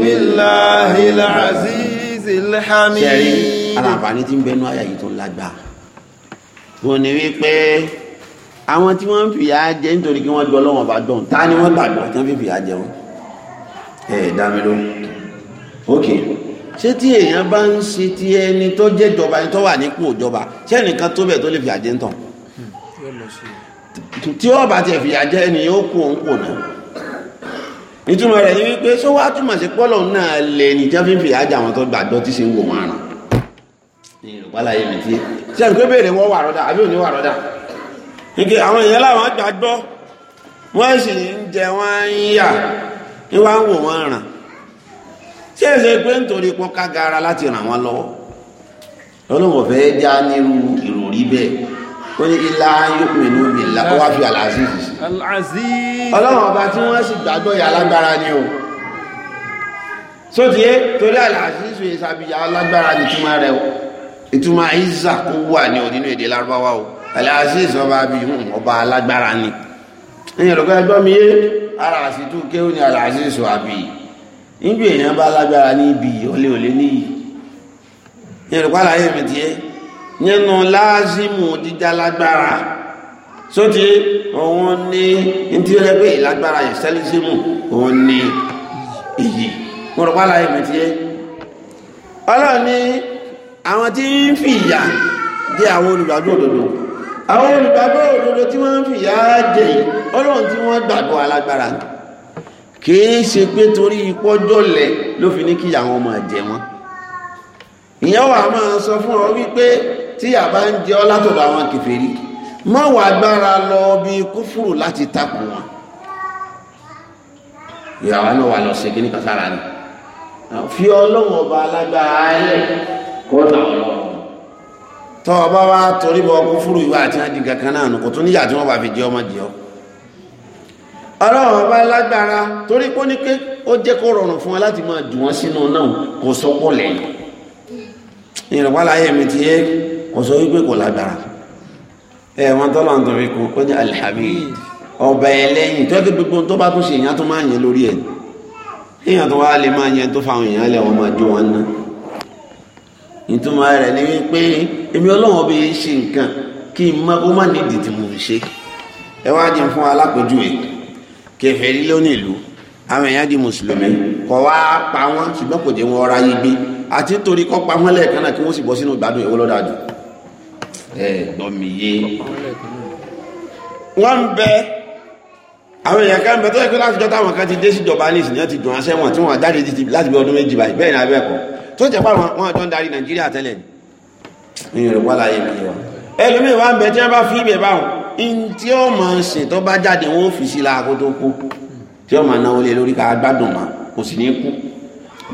ilá ilá azizi alhamid. sẹ́yìn alábàání ti ń bẹnu àyà yìí tó wọ́n ní wípé àwọn tí wọ́n ń fìyà jẹ nítorí kí wọ́n gbọ́ lọ́wọ́ bá dùn ta ni wọ́n gbàgbọ́ tí wọ́n fi fìyà jẹ wọn. ẹ ẹ dá mi lóhùn ok ṣé tí èèyàn bá ń ṣe ti ẹni tó jẹ́ ìjọba ẹni tó wà nípò ìjọba ṣé ẹnìkan tó bẹ̀ tó lè fìyà jẹ ń tàn tí ó bá tiẹ̀ fìyà jẹ ẹni yóò kú òun kò náà ìtumọ̀ rẹ̀ ni wípé só wá túmọ̀ sí pọ́lọ̀ náà lè ní jẹ́ fífi àjà àwọn tó gbàgbọ́ tí ṣe ń wò wọ́n àrùn ní mi tí ṣe ń wọ́n wà rọ́dà àbí òní wà rọ́dà nígbè àwọn èèyàn láwọn gbàgbọ́ wọ́n sì ń jẹ wọ́n ń yà ní wá ń wò wọ́n ràn tí ẹ ṣe pé nítorí pọ́n kágara láti ràn wọ́n lọ́wọ́ lọ́lọ́wọ́ fẹ́ já nírú ìròrí bẹ́ẹ̀ ó ní ilá yókùnrin ló bí ìlà ó wá fi àlàáfíì sí ọlọ́wọ́n ọba tí wọ́n sì gbàgbọ́ ìyá alágbára ni o sóti yé torí àlàáfíì sùn ìsàbíyà alágbára ni ìtumọ̀ rẹ ìtumọ̀ ìzà kó wà ní o èdè lárúbáwá o. Al-Aziz ọba bíi ọba alágbára ni ẹ̀yìn ọ̀rọ̀ ẹgbọ́ mi yé ara àṣìtú kéwù ní Al-Aziz àbí níbi èèyàn bá lágbára ní ibi olè olè níyì ẹ̀yìn ọ̀rọ̀ àlàyé mi tiẹ́ nínú láàzímù dídá lágbára sóti òun ní ntí ó lẹ́gbẹ̀ẹ́ ìlágbára yẹn sẹ́lísímù òun ní èyí mo rọ̀ àlàyé mi tiẹ́ ọlọ́ọ̀ni àwọn tí ń fìyà jẹ́ àwọn olùgbàdùn òdòdó àwọn olùgbàgbọ́ òdodo tí wọ́n ń fi yá jẹ ọlọ́run tí wọ́n gbàgbọ́ alágbára kìí ṣe pé torí ipọ́jọ́lẹ̀ ló fi ní kí àwọn ọmọ ẹ̀jẹ̀ wọn ìyẹn wà máa sọ fún ọ wípé tí àbá ń jẹ ọ látọ̀dọ̀ àwọn kèfèrí má wà agbára lọ bí kúfùrù láti takò wọn ìyàwó náà wà lọ sí kíní kan sára ni fi ọlọ́wọ́ ọba alágbára ayẹ kọ́ náà tọ́ ọba wá torí bọ́ ọkú fúrú ìwà àti àdì kankan náà kò tún níyà tí wọ́n bá fi jẹ ọmọ jẹ ọ ọlọ́run ọba lágbára torí pé ní pé ó jẹ́ kó rọrùn fún wa láti máa jù wọ́n sínú náà kò sọ́pọ̀ lẹ́yìn ìrọ̀pá láyé mi ti yé kò sọ wípé kò lágbára ẹ wọn tọ́lọ̀ ń torí kò ó ní alhamid ọba ẹlẹ́yìn tó kí gbogbo tó bá tún ṣe èèyàn tó máa yẹn lórí ẹ̀ èèyàn tó wá lè máa yẹn tó fáwọn èèyàn lẹ́wọ̀n máa jó wọn náà ìtumọ̀ rẹ̀ ni wípé èmi ọlọ́wọ́n bí ṣe nǹkan kí n má kó má nídìí tí mo fi ṣe ẹ wá jẹun fún alápèjúwe kèfèrí lónìí ìlú àwọn èèyàn di mùsùlùmí kọ̀ wá pa wọ́n ṣùgbọ́n kò jẹ́ wọn ọ̀rá yìí gbé àti nítorí kọ́ pa wọ́n lẹ́ẹ̀kan náà kí wọ́n sì bọ́ sínú ìgbádùn ìwọ́ lọ́dà jù ẹ gbọ́ mi yé wọ́n ń bẹ àwọn èèyàn kan bẹ tó yẹ kó láti jọ táwọn kan ti dé síjọba ní ìsìn náà ti dùn aṣẹ́wọ̀n tí wọ́n jáde láti bí ọdún méjì báyìí bẹ́ẹ̀ ni abẹ́ẹ̀kọ́ tó jẹ́ pàwọn wọn àjọ ń darí nàìjíríà tẹ́lẹ̀ ní yorùbá láyé mi wa ẹlòmíì wá ń bẹ tí wọ́n bá fi ibẹ̀ báwọn in tí ó máa ń ṣe tó bá jáde wọn ó fi sí láago tó kú tí ó máa náwó lé lórí ká gbádùn mà kò sì ní kú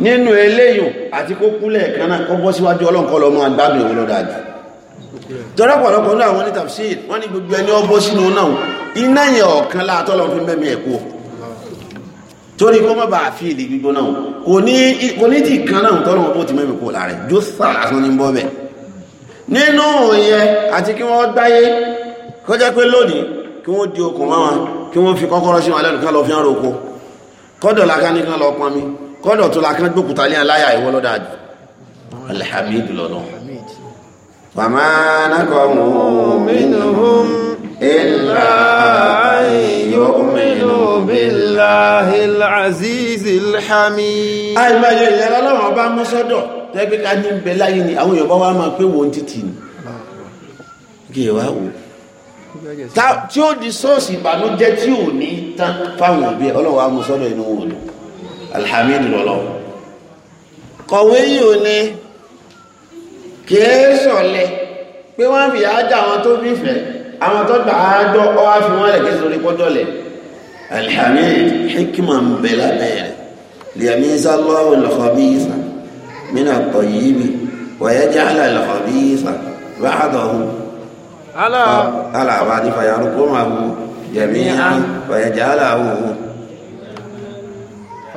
nínú eléyìn àti kó kú lẹ́ẹ̀kan náà kó bọ́ síwájú ọlọ́nkọ́ lọ́mọ agbádùn ìwé lọ́dà jù tọ́lọ́pọ̀lọpọ̀ náà wọ́n ní tafsir wọ́n ní gbogbo ẹni ọ bọ́ sínú náà iná yẹn ọ̀kan láàtọ́ lọ́n fi mẹ́mí ẹ̀kú torí kó má bàa fi èdè gbígbóná o kò ní kò ní ti kan náà tọ́lọ́ wọn bó ti mẹ́mi kó lára jó sà lásán ní bọ́ bẹ́ẹ̀ nínú yẹn àti kí wọ́n dáyé kọjá pé lónìí kí wọ́n di okùn mọ́ wọn kí wọ́n fi kọ́kọ́rọ́ sí wọn lẹ́nu kán lọ fi hàn roko kọ́dọ̀ la kán lọ pọn kọ́dọ̀ tó la gbókùtà lé aláyà ìwọ́ lọ́dà jù alhamid lọ́nà pàmánà kọ́ mọ́ mi nù hùm ilà ayé. يؤمن بالله العزيز الحميد àìmọye ìlera lọ́wọ́ bá mú sọ́dọ̀ tẹ́gbẹ́ ká ní bẹ láyé ni àwọn èèyàn bá wá máa pé wọ́n títì ni kí ẹ wá wò tí ó di sọ́ọ̀sì ìbànújẹ́ tí ò ní tán fáwọn òbí ẹ ọlọ́wọ́ á mú sọ́dọ̀ inú wọn lò alhamidu lọ́lọ́ kọ̀wé yìí ò ní kìí sọ̀lẹ̀ pé wọ́n fi àwọn tó gbà á jọ ọ á fi wọn lẹ̀ kí sori kọjọ lẹ̀ alhamid hikima ń bẹ lábẹ́ rẹ̀ liyamiza Allahu al-khabitha min at-tayyibi wa yaj'ala al-khabitha ba'dahu ala ala abadi fayarukumahu jami'an wa yaj'alahu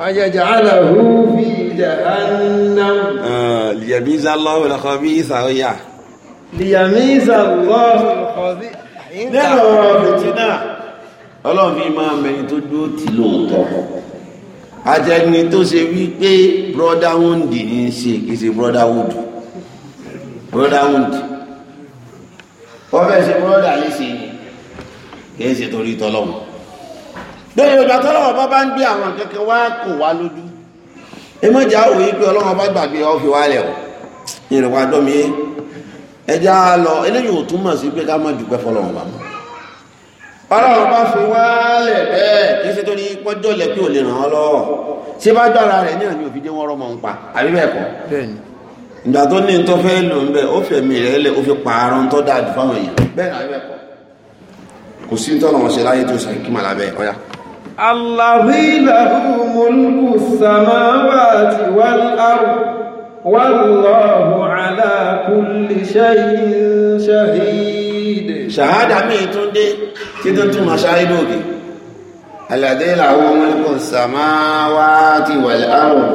فيجعله في جهنم آه ليميز الله الخبيث وياه ليميز الله الخبيث nínú fìtínà ọlọ́run fi máa mẹni tó dúró tì lóòótọ́ àtẹni tó ṣe wípé brotherhood ni í ṣe kì í ṣe brotherhood brotherhood wọ́n fẹ́ ṣe brother yìí ṣe kì í ṣe torí tọ́lọ́run tọ́lọ́wọ́ bá bá ń gbé àwọn kẹ́kẹ́ wá kò wá lójú ẹ mọ̀jà pé ọlọ́run bá gbàgbé ọ́ ẹja lọ eléyìí ò túmọ̀ sí pé ká má dúpẹ́ fọlọ́run bá ọlọ́run bá fi wá lẹ̀ bẹ́ẹ̀ kí ṣe tó ní pọ́jọ́ lẹ̀ pé ò lè ràn án lọ́wọ́ ṣé bá gbára rẹ̀ ní àní òfin wọ́n rọ́mọ ń pa àbí bẹ́ẹ̀ kọ́ ìgbà tó ní tó fẹ́ lò ń bẹ̀ ó fẹ̀mí rẹ̀ lẹ̀ ó fi pààrọ̀ tó dáa jù fáwọn èèyàn bẹ́ẹ̀ àbí bẹ́ẹ̀ kọ́ kò sí nítorí wọn ṣe láyé tó ṣe kí màlá bẹ́ẹ̀ ọ̀yà. Allahu lahu mulku samawati wal ardh Wallahu ala kulli shay'in shahid. Ṣàhádà mi tún dé tí tó túnmà ṣáhídò ògì. Àlàdé làwọn mọ́lẹ́kùn samawati wal ardh.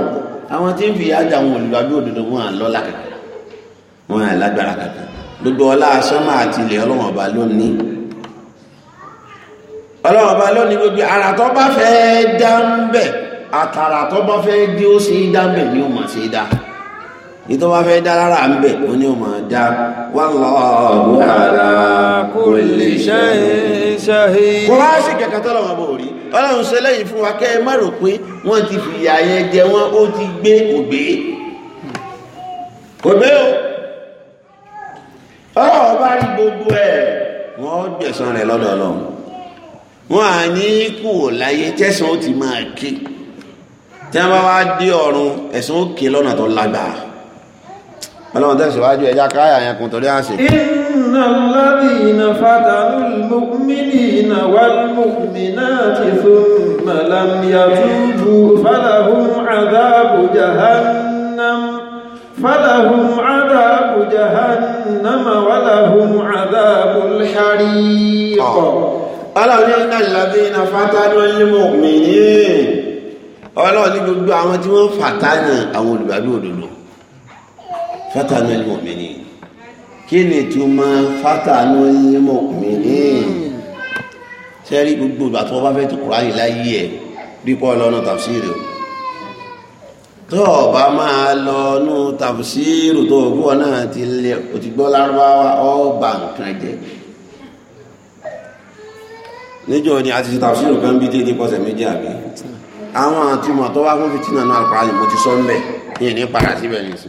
Àwọn tí ń fi ájà wọn olùgbàgbé òdodo wọn à lọ́lá kankan. Wọn à lágbára kankan. Gbogbo ọlá aṣọ́mà àti ilẹ̀ ọlọ́wọ̀n ọba lónìí. Ọlọ́wọ̀n ọba lónìí gbogbo ara tó bá fẹ́ dá ń bẹ̀. Àtàrà tó bá fẹ́ dí ó ṣe dá ń bẹ̀ ni ó mọ̀ ṣe dá ìtọ́ bá fẹ́ dá lára ń bẹ̀ ó ní ọmọ dá wallahu ala kulli shay'in shahid. wọ́n á sì kẹ̀kẹ́ tọ́lọ̀ wọn bò rí ọlọ́run ṣe lẹ́yìn fún wa kẹ́ ẹ má rò pé wọ́n ti fìyà yẹn jẹ wọ́n ó ti gbé kò gbé kò gbé o ọlọ́run bá rí gbogbo ẹ̀ wọ́n gbẹ̀sán rẹ̀ lọ́dọ̀ ọlọ́run wọ́n á ní kù láyé tẹ̀sán ó ti máa ké tí wọ́n bá wá dé ọ̀run ẹ̀sán ó ké lọ́nà tó lágbàá ọlọ́run tẹ̀síwájú ẹja káyà yẹn kún torí àṣẹ. iná lábì iná fata lùmùmínì iná wà lùmùmínà ti fún màlàmìyà túbù fàlàhùn àdáàbò jahannam fàlàhùn àdáàbò jahannam wàlàhùn àdáàbò lẹ́hàríkọ. ọlọ́run iná iná fata lùmùmínì ọlọ́run ní gbogbo àwọn tí wọ́n fàtánà àwọn olùgbàgbé òdodo fatanu ẹlẹmọmìnì kí ni ìtumọ̀ fatanu ẹlẹmọmìnì sẹ́rí gbogbo ìgbà tí wọ́n bá fẹ́ tó kúránì láyé ẹ̀ dípọ̀ lọ́nà tàfsírì o tó o bá máa lọ nú tàfsírì tó o gbọ́ náà ti lè o ti gbọ́ lárúbáwá ọba nǹkan jẹ níjọ ni a ti ṣe tàfsírì kan bí dédé pọ̀sẹ̀ méjì àbí àwọn àtúmọ̀ tó wá fún fìtínà náà kúránì mo ti sọ ń bẹ̀ yìí ní padà síbẹ̀ nìyí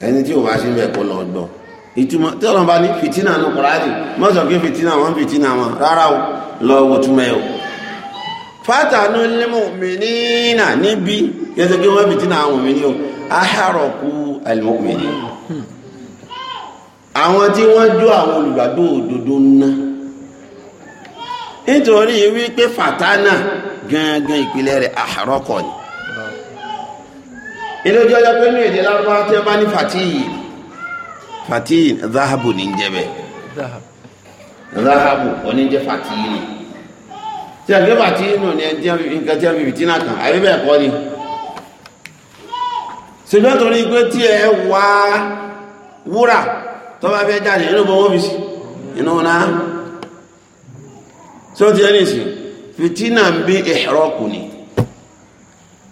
ẹni tí o bá ṣe ń bẹ̀ kó lọ gbọ́ ìtumọ̀ tí ọlọ́run bá ní fìtínà ní kùrádì mọ́sàn kí fìtínà wọn fìtínà wọn rárá o lọ wo túmọ̀ ẹ o fátànù lilmu'minina níbi yẹtọ̀ kí wọ́n fìtínà àwọn mùmíní o ahárọ̀kú almu'mini àwọn tí wọ́n jó àwọn olùgbàgbọ́ òdodo ńná nítorí wípé fàtánà gangan ìpìlẹ̀ rẹ̀ ahárọ̀kọ̀ ni ilé ojú ọjọ́ pé nínú èdè lárúbáwá tí wọ́n bá ní fatihi fatihi zahabu ní jẹ́bẹ̀ zahabu oníjẹ́ fatihi ni tí a gbé fatihi nù ní nǹkan tí a fi fìtínà kan àbí bẹ́ẹ̀ kọ́ ni ṣùgbọ́n torí pé tí ẹ wá wúrà tó bá fẹ́ jáde inú bọ́ wọ́n fi sí inú náà tí ó ti ẹni sí fìtínà ń bí ìṣòro kù ni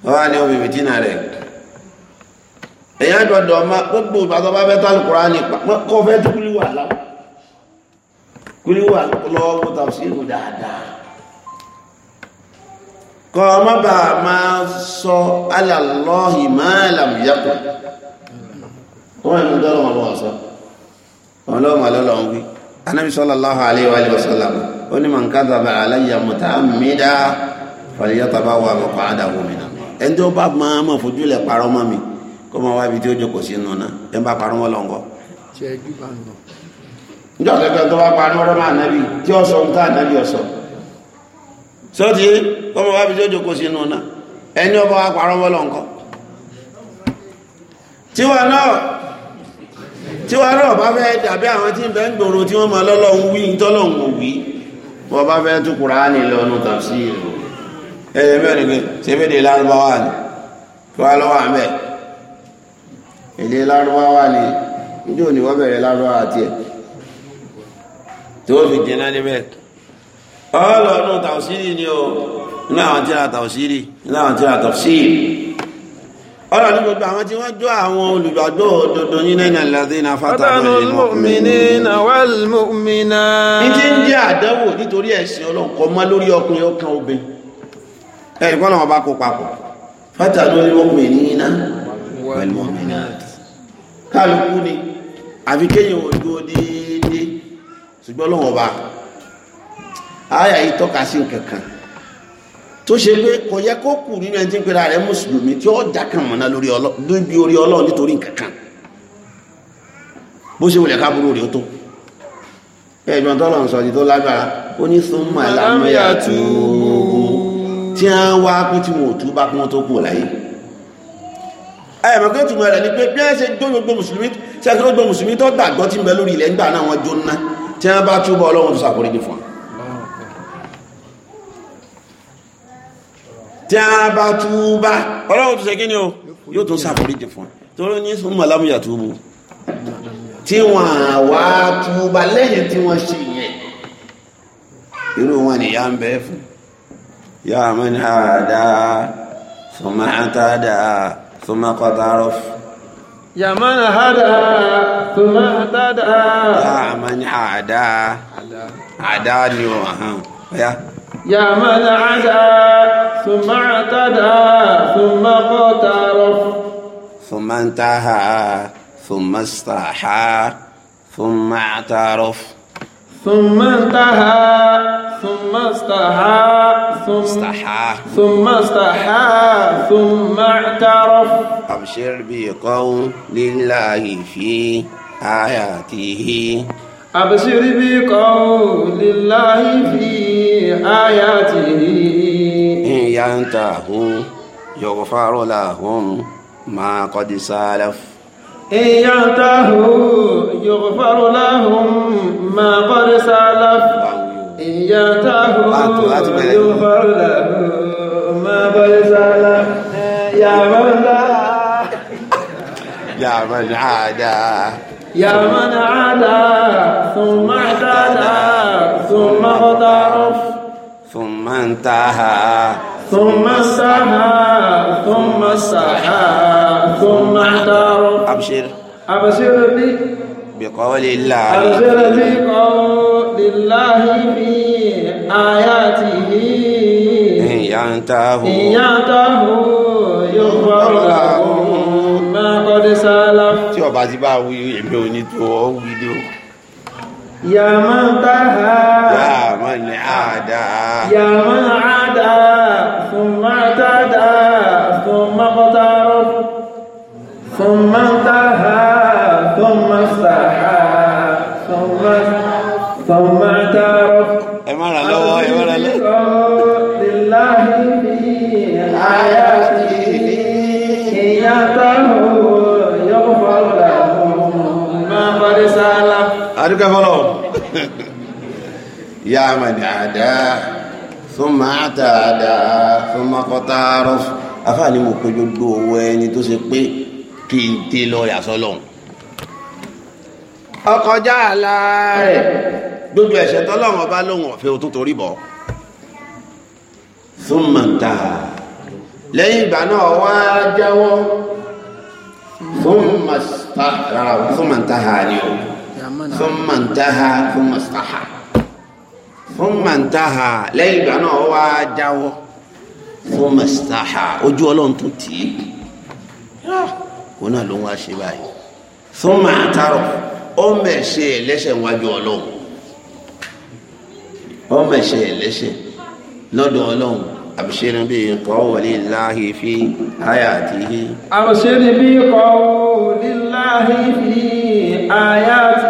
wọ́n á ní ọmọ fìtínà rẹ̀ èyàn gbọdọ̀ ọmọ gbogbo ìgbàtọ̀ bá fẹ́ tálùkùrá ní kọ́ fẹ́ tó kúlíwà láwọ́ kúlíwà lọ́wọ́ tàbísírù dáadáa kọ́ ọmọ bá máa sọ alàlọ́hì máa làmìyàpọ̀ wọ́n ẹ̀mú dọ́rọ̀ wọn lọ́wọ́ sọ wọn lọ́wọ́ wọn lọ́wọ́ wí wa sallam ó ní man kadhaba alayya muta'ammidan falyatabawa maq'adahu minan ẹni tó bá máa mọ̀ fojú lẹ̀ parọ́ mọ́ mi kó máa wá ibi tí ó jókòó sí inú náà ẹ bá parun wọn lọ́ngọ́. njọ́ kẹ́kẹ́ tó bá parun ọ̀rọ̀ máa nábì tí ó ń tá nábì ọ̀sọ̀ sọ́tí kó máa wá ibi tí ó jókòó sí inú náà ẹni ọba wa parun wọn lọ́ngọ́. tiwa náà tiwa náà bá fẹ́ dàbí àwọn tí ń bẹ́ ń gbòòrò tí wọ́n máa lọ́lọ́hún wí ń tọ́lọ́hún òwì wọ́n bá fẹ́ tú Kùránì lọ́nu tàbí sí ẹ̀yẹ mẹ́rin pé ṣe fẹ́ èdè lárúbáwá ni níjó ni wọ́n bẹ̀rẹ̀ lárúbáwá tiẹ̀ tí wọ́n fi jẹ́nà níbẹ̀ ọlọ́nu tàwùsírì ni o nínú àwọn tí a tàwùsírì nínú àwọn tí a tàwùsírì ọ̀rọ̀ ní gbogbo àwọn tí wọ́n jọ àwọn olùgbàgbọ́ òdodo yín náà láti iná fátàlù mu'minina wal mu'minat. ní tí ń jẹ́ àdánwò nítorí ẹ̀sìn ọlọ́run kọ́ mọ́ lórí ọkùnrin ọkàn obìnrin ẹ̀yìn kọ́ lọ́wọ́ bá kó papọ̀ fátàlù mu'minina wal mu'minat kálukú ni àfi kéèyàn ò dúró déédéé ṣùgbọ́n lọ́wọ́ bá àyà yìí tọ́ka sí nǹkan kan tó ṣe pé kò yẹ kó kù nínú ẹni tí ń pera rẹ̀ mùsùlùmí tí ó já kan mọ̀nà lórí orí ọlọ́ọ̀ nítorí nǹkan kan bó ṣe wọlé káàbúrò rẹ̀ ó tó ẹ̀gbọ́n tọ́lọ̀ ń sọ ti tó lágbára ó ní súnmọ́ ìlànà yàtúbù tí wọ́n wá kú tí wọn ò túbá kí wọ́n tó kú láyé ẹ̀mọ̀kẹ́ tùmọ̀ rẹ̀ ni pé bí ẹ́ ṣe gbogbo mùsùlùmí ṣe kí gbogbo mùsùlùmí tó gbàgbọ́ tí ń bẹ lórí ilẹ̀ ńgbà náà wọn jóná tí wọ́n bá túbọ̀ ọlọ́run tó ṣàforíjì fún tí wọ́n bá túbá ọlọ́run tó ṣe kí ni o yóò tó ṣàforíjì fún tó ló ní ثم قد عرف يا من هداها ثم اهتدها يا من عدا عدا نيو يا يا من عدا ثم اعتدى ثم اقترف ثم انتهى ثم استحى ثم اعترف ثم انتهى ثم استحى ثم استحى ثم استحى ثم اعترف أبشر بقول لله في آياته أبشر بقول لله في آياته إن ينتهوا يغفر لهم ما قد سالف إن ينتهوا يغفر لهم ما قد سلف إن ينتهوا يغفر لهم ما قد سلف يا من يا من عادى يا من عادى ثم اعتدى ثم اغترف ثم انتهى ثم سعى ثم سعى ثم احتار أبشر أبشر لي بقول الله أبشر بقول الله في آياته إن ينتهوا إن ينتهوا يغفر لهم ما قد سلف tí ọba ti bá wí èmi ò ní tó ọ wí lé o. يا من طه يا من عادى يا من عادى ثم اعتدى ثم اقترب ثم انتهى ثم استحى ثم ثم adúgbẹ́ fọ́lọ́ ya amadi ada thumma àtàdà thumma kọ́tàrọ́ afáàní mo péjọ gbó owó ẹni tó ṣe pé kí n dé lọ yàtọ̀ lọ́hùn ọkọjá àlá rẹ̀ gbogbo ẹ̀ṣẹ̀ tọ́lọ́run ọba lóhun ọ̀fẹ́ òtún torí bọ̀ thumma ta ìgbà náà wá jẹ́wọ́ thumma ta hà ní ọ̀hún thumma intaha thumma istaha thumma intaha lẹ́yìn ìgbà náà ó wá dáwọ́ thumma istaha ojú ọlọ́run tó tì í òun náà ló ń wá ṣe báyìí thumma àtàrọ̀ ó mẹ̀ṣẹ̀ ẹlẹ́ṣẹ̀ wájú ọlọ́run ó mẹ̀ṣẹ̀ ẹlẹ́ṣẹ̀ lọ́dọ̀ ọlọ́run أبشر بقول الله في حياته أبشر بقول الله في آياته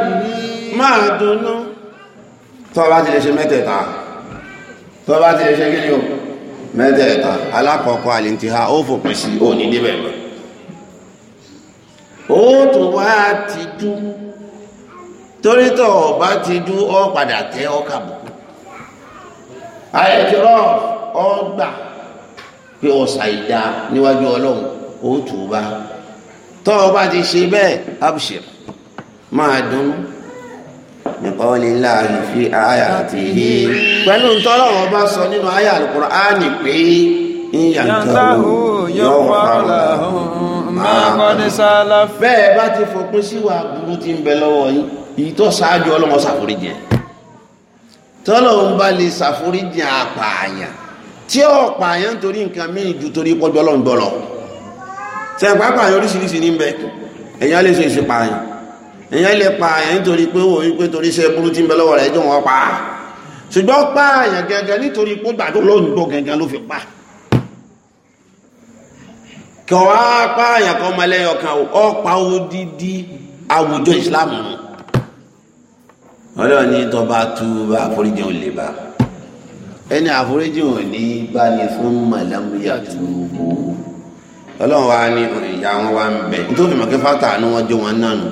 máa dunnú tó ti lè ṣe mẹ́tẹ̀ẹ̀ta tó ti lè ṣe o mẹ́tẹ̀ẹ̀ta alákọ̀ọ́kọ́ ó fòpin ti dú ti dú ọ padà tẹ ọ kàbùkù ọgba ọ ọsa pé ọ ṣàìdá níwájú ọlọ́run ó tọ́ ti ṣe bẹ́ẹ̀ bìkọ́lì láàrin fi àyà àti yí pẹ̀lú tọ́lọ́wọ́ bá sọ nínú àyà Al-Qur'ani pé ìyàntàwó yóò pàwọ́ bẹ́ẹ̀ bá ti fòpin síwà burú ti ń bẹ lọ́wọ́ yìí èyí tó ṣáájú ọlọ́wọ́ ṣàforíjì tọ́lọ́wọ́ ń bá lè ṣàforíjì àpààyàn tí ó torí nǹkan míì ju torí pọ́jọ́ ọlọ́ngbọ́lọ́ tẹ̀ pápá àyàn oríṣiríṣi ní ń bẹ ẹ̀yàn lè ṣe ìṣèpààyàn èyàn lè pa àyàn nítorí pé ó wí pé torí iṣẹ́ burú tí ń bẹ lọ́wọ́ rẹ̀ jọ wọ́n pa ṣùgbọ́n pa àyàn gẹ́gẹ́ nítorí pé gbà tó lóun gbọ́ gẹ́gẹ́ ló fi pa kọ̀ wá pa àyàn kan ọmọ ẹlẹ́yọ kan ó pa odidi àwùjọ ìsìláàmù ọlọ́run ní tọba tú àforíjì ò lè bá ẹni àforíjì ò ní bá ní fún màlámúyà túbú ọlọ́run wa ní ìyá wọn wá ń bẹ̀ nítorí mọ̀kẹ́fà tà ní wọ́n jó wọn náà nù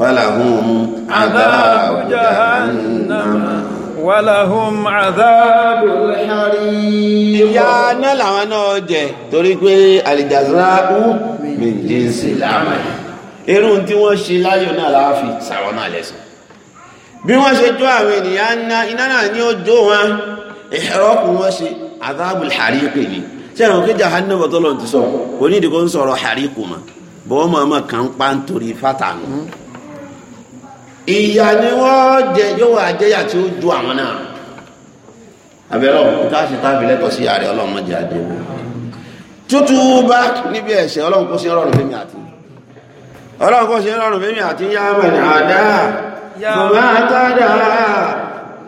فلهم عذاب جهنم ولهم عذاب الحريق يا náà làwọn náà jẹ torí pé àlìjàzáú min jinsi al-amal irú tí wọ́n ṣe láyọ̀ náà láàfi sàwọn náà lẹ́sùn bí wọ́n ṣe jó àwọn ènìyàn iná náà ní ó wọn ìhẹ́rọ́kù wọ́n ṣe عذاب الحريق ni sẹ́ràn kí jahannama tọ́lọ̀ ti sọ onídìí kó ń sọ̀rọ̀ àríkù mà bọ́ọ̀ máa kàn fátà nù ìyà ni wọ́n jẹ yóò wà jẹ́yà tí ó ju àwọn náà abẹ́rẹ́ òkú tá a ṣe tábì lẹ́tọ̀ sí ààrẹ ọlọ́run mọ́jà dé tútù bá níbi ẹ̀ṣẹ̀ ọlọ́run kó sí rọrùn fẹ́mi àti ọlọ́run kó sí rọrùn fẹ́mi àti yá mẹ́rin àdá fòmá tádà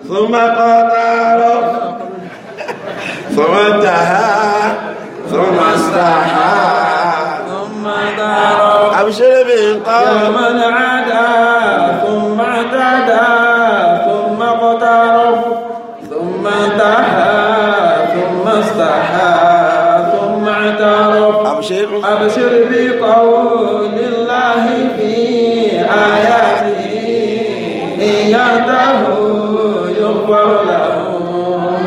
fòmá kọ́tàrọ́ fòmá tàhá fòmá sàhá àbíṣẹ́rẹ́bì ń kọ́ أبشر بقول الله في آياته إن يهده يغفر له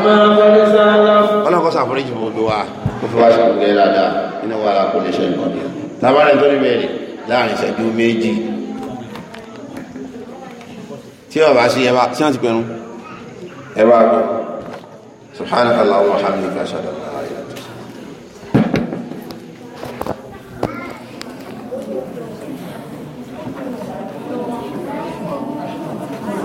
ما قد سلف ọlọ́kọ́ sàforíjì fún odò wa kó fi wá sí gbogbo ẹ̀rọ dáa nínú wàhálà kó lè ṣe nǹkan ní ọ tábàárẹ̀ nítorí bẹ̀rẹ̀ láàrin ìṣẹ́jú méjì tí ọba sí ẹ bá sí àti pẹ̀rún ẹ bá gbọ́ subhanahu wa ta'ala wa hamdika shadallah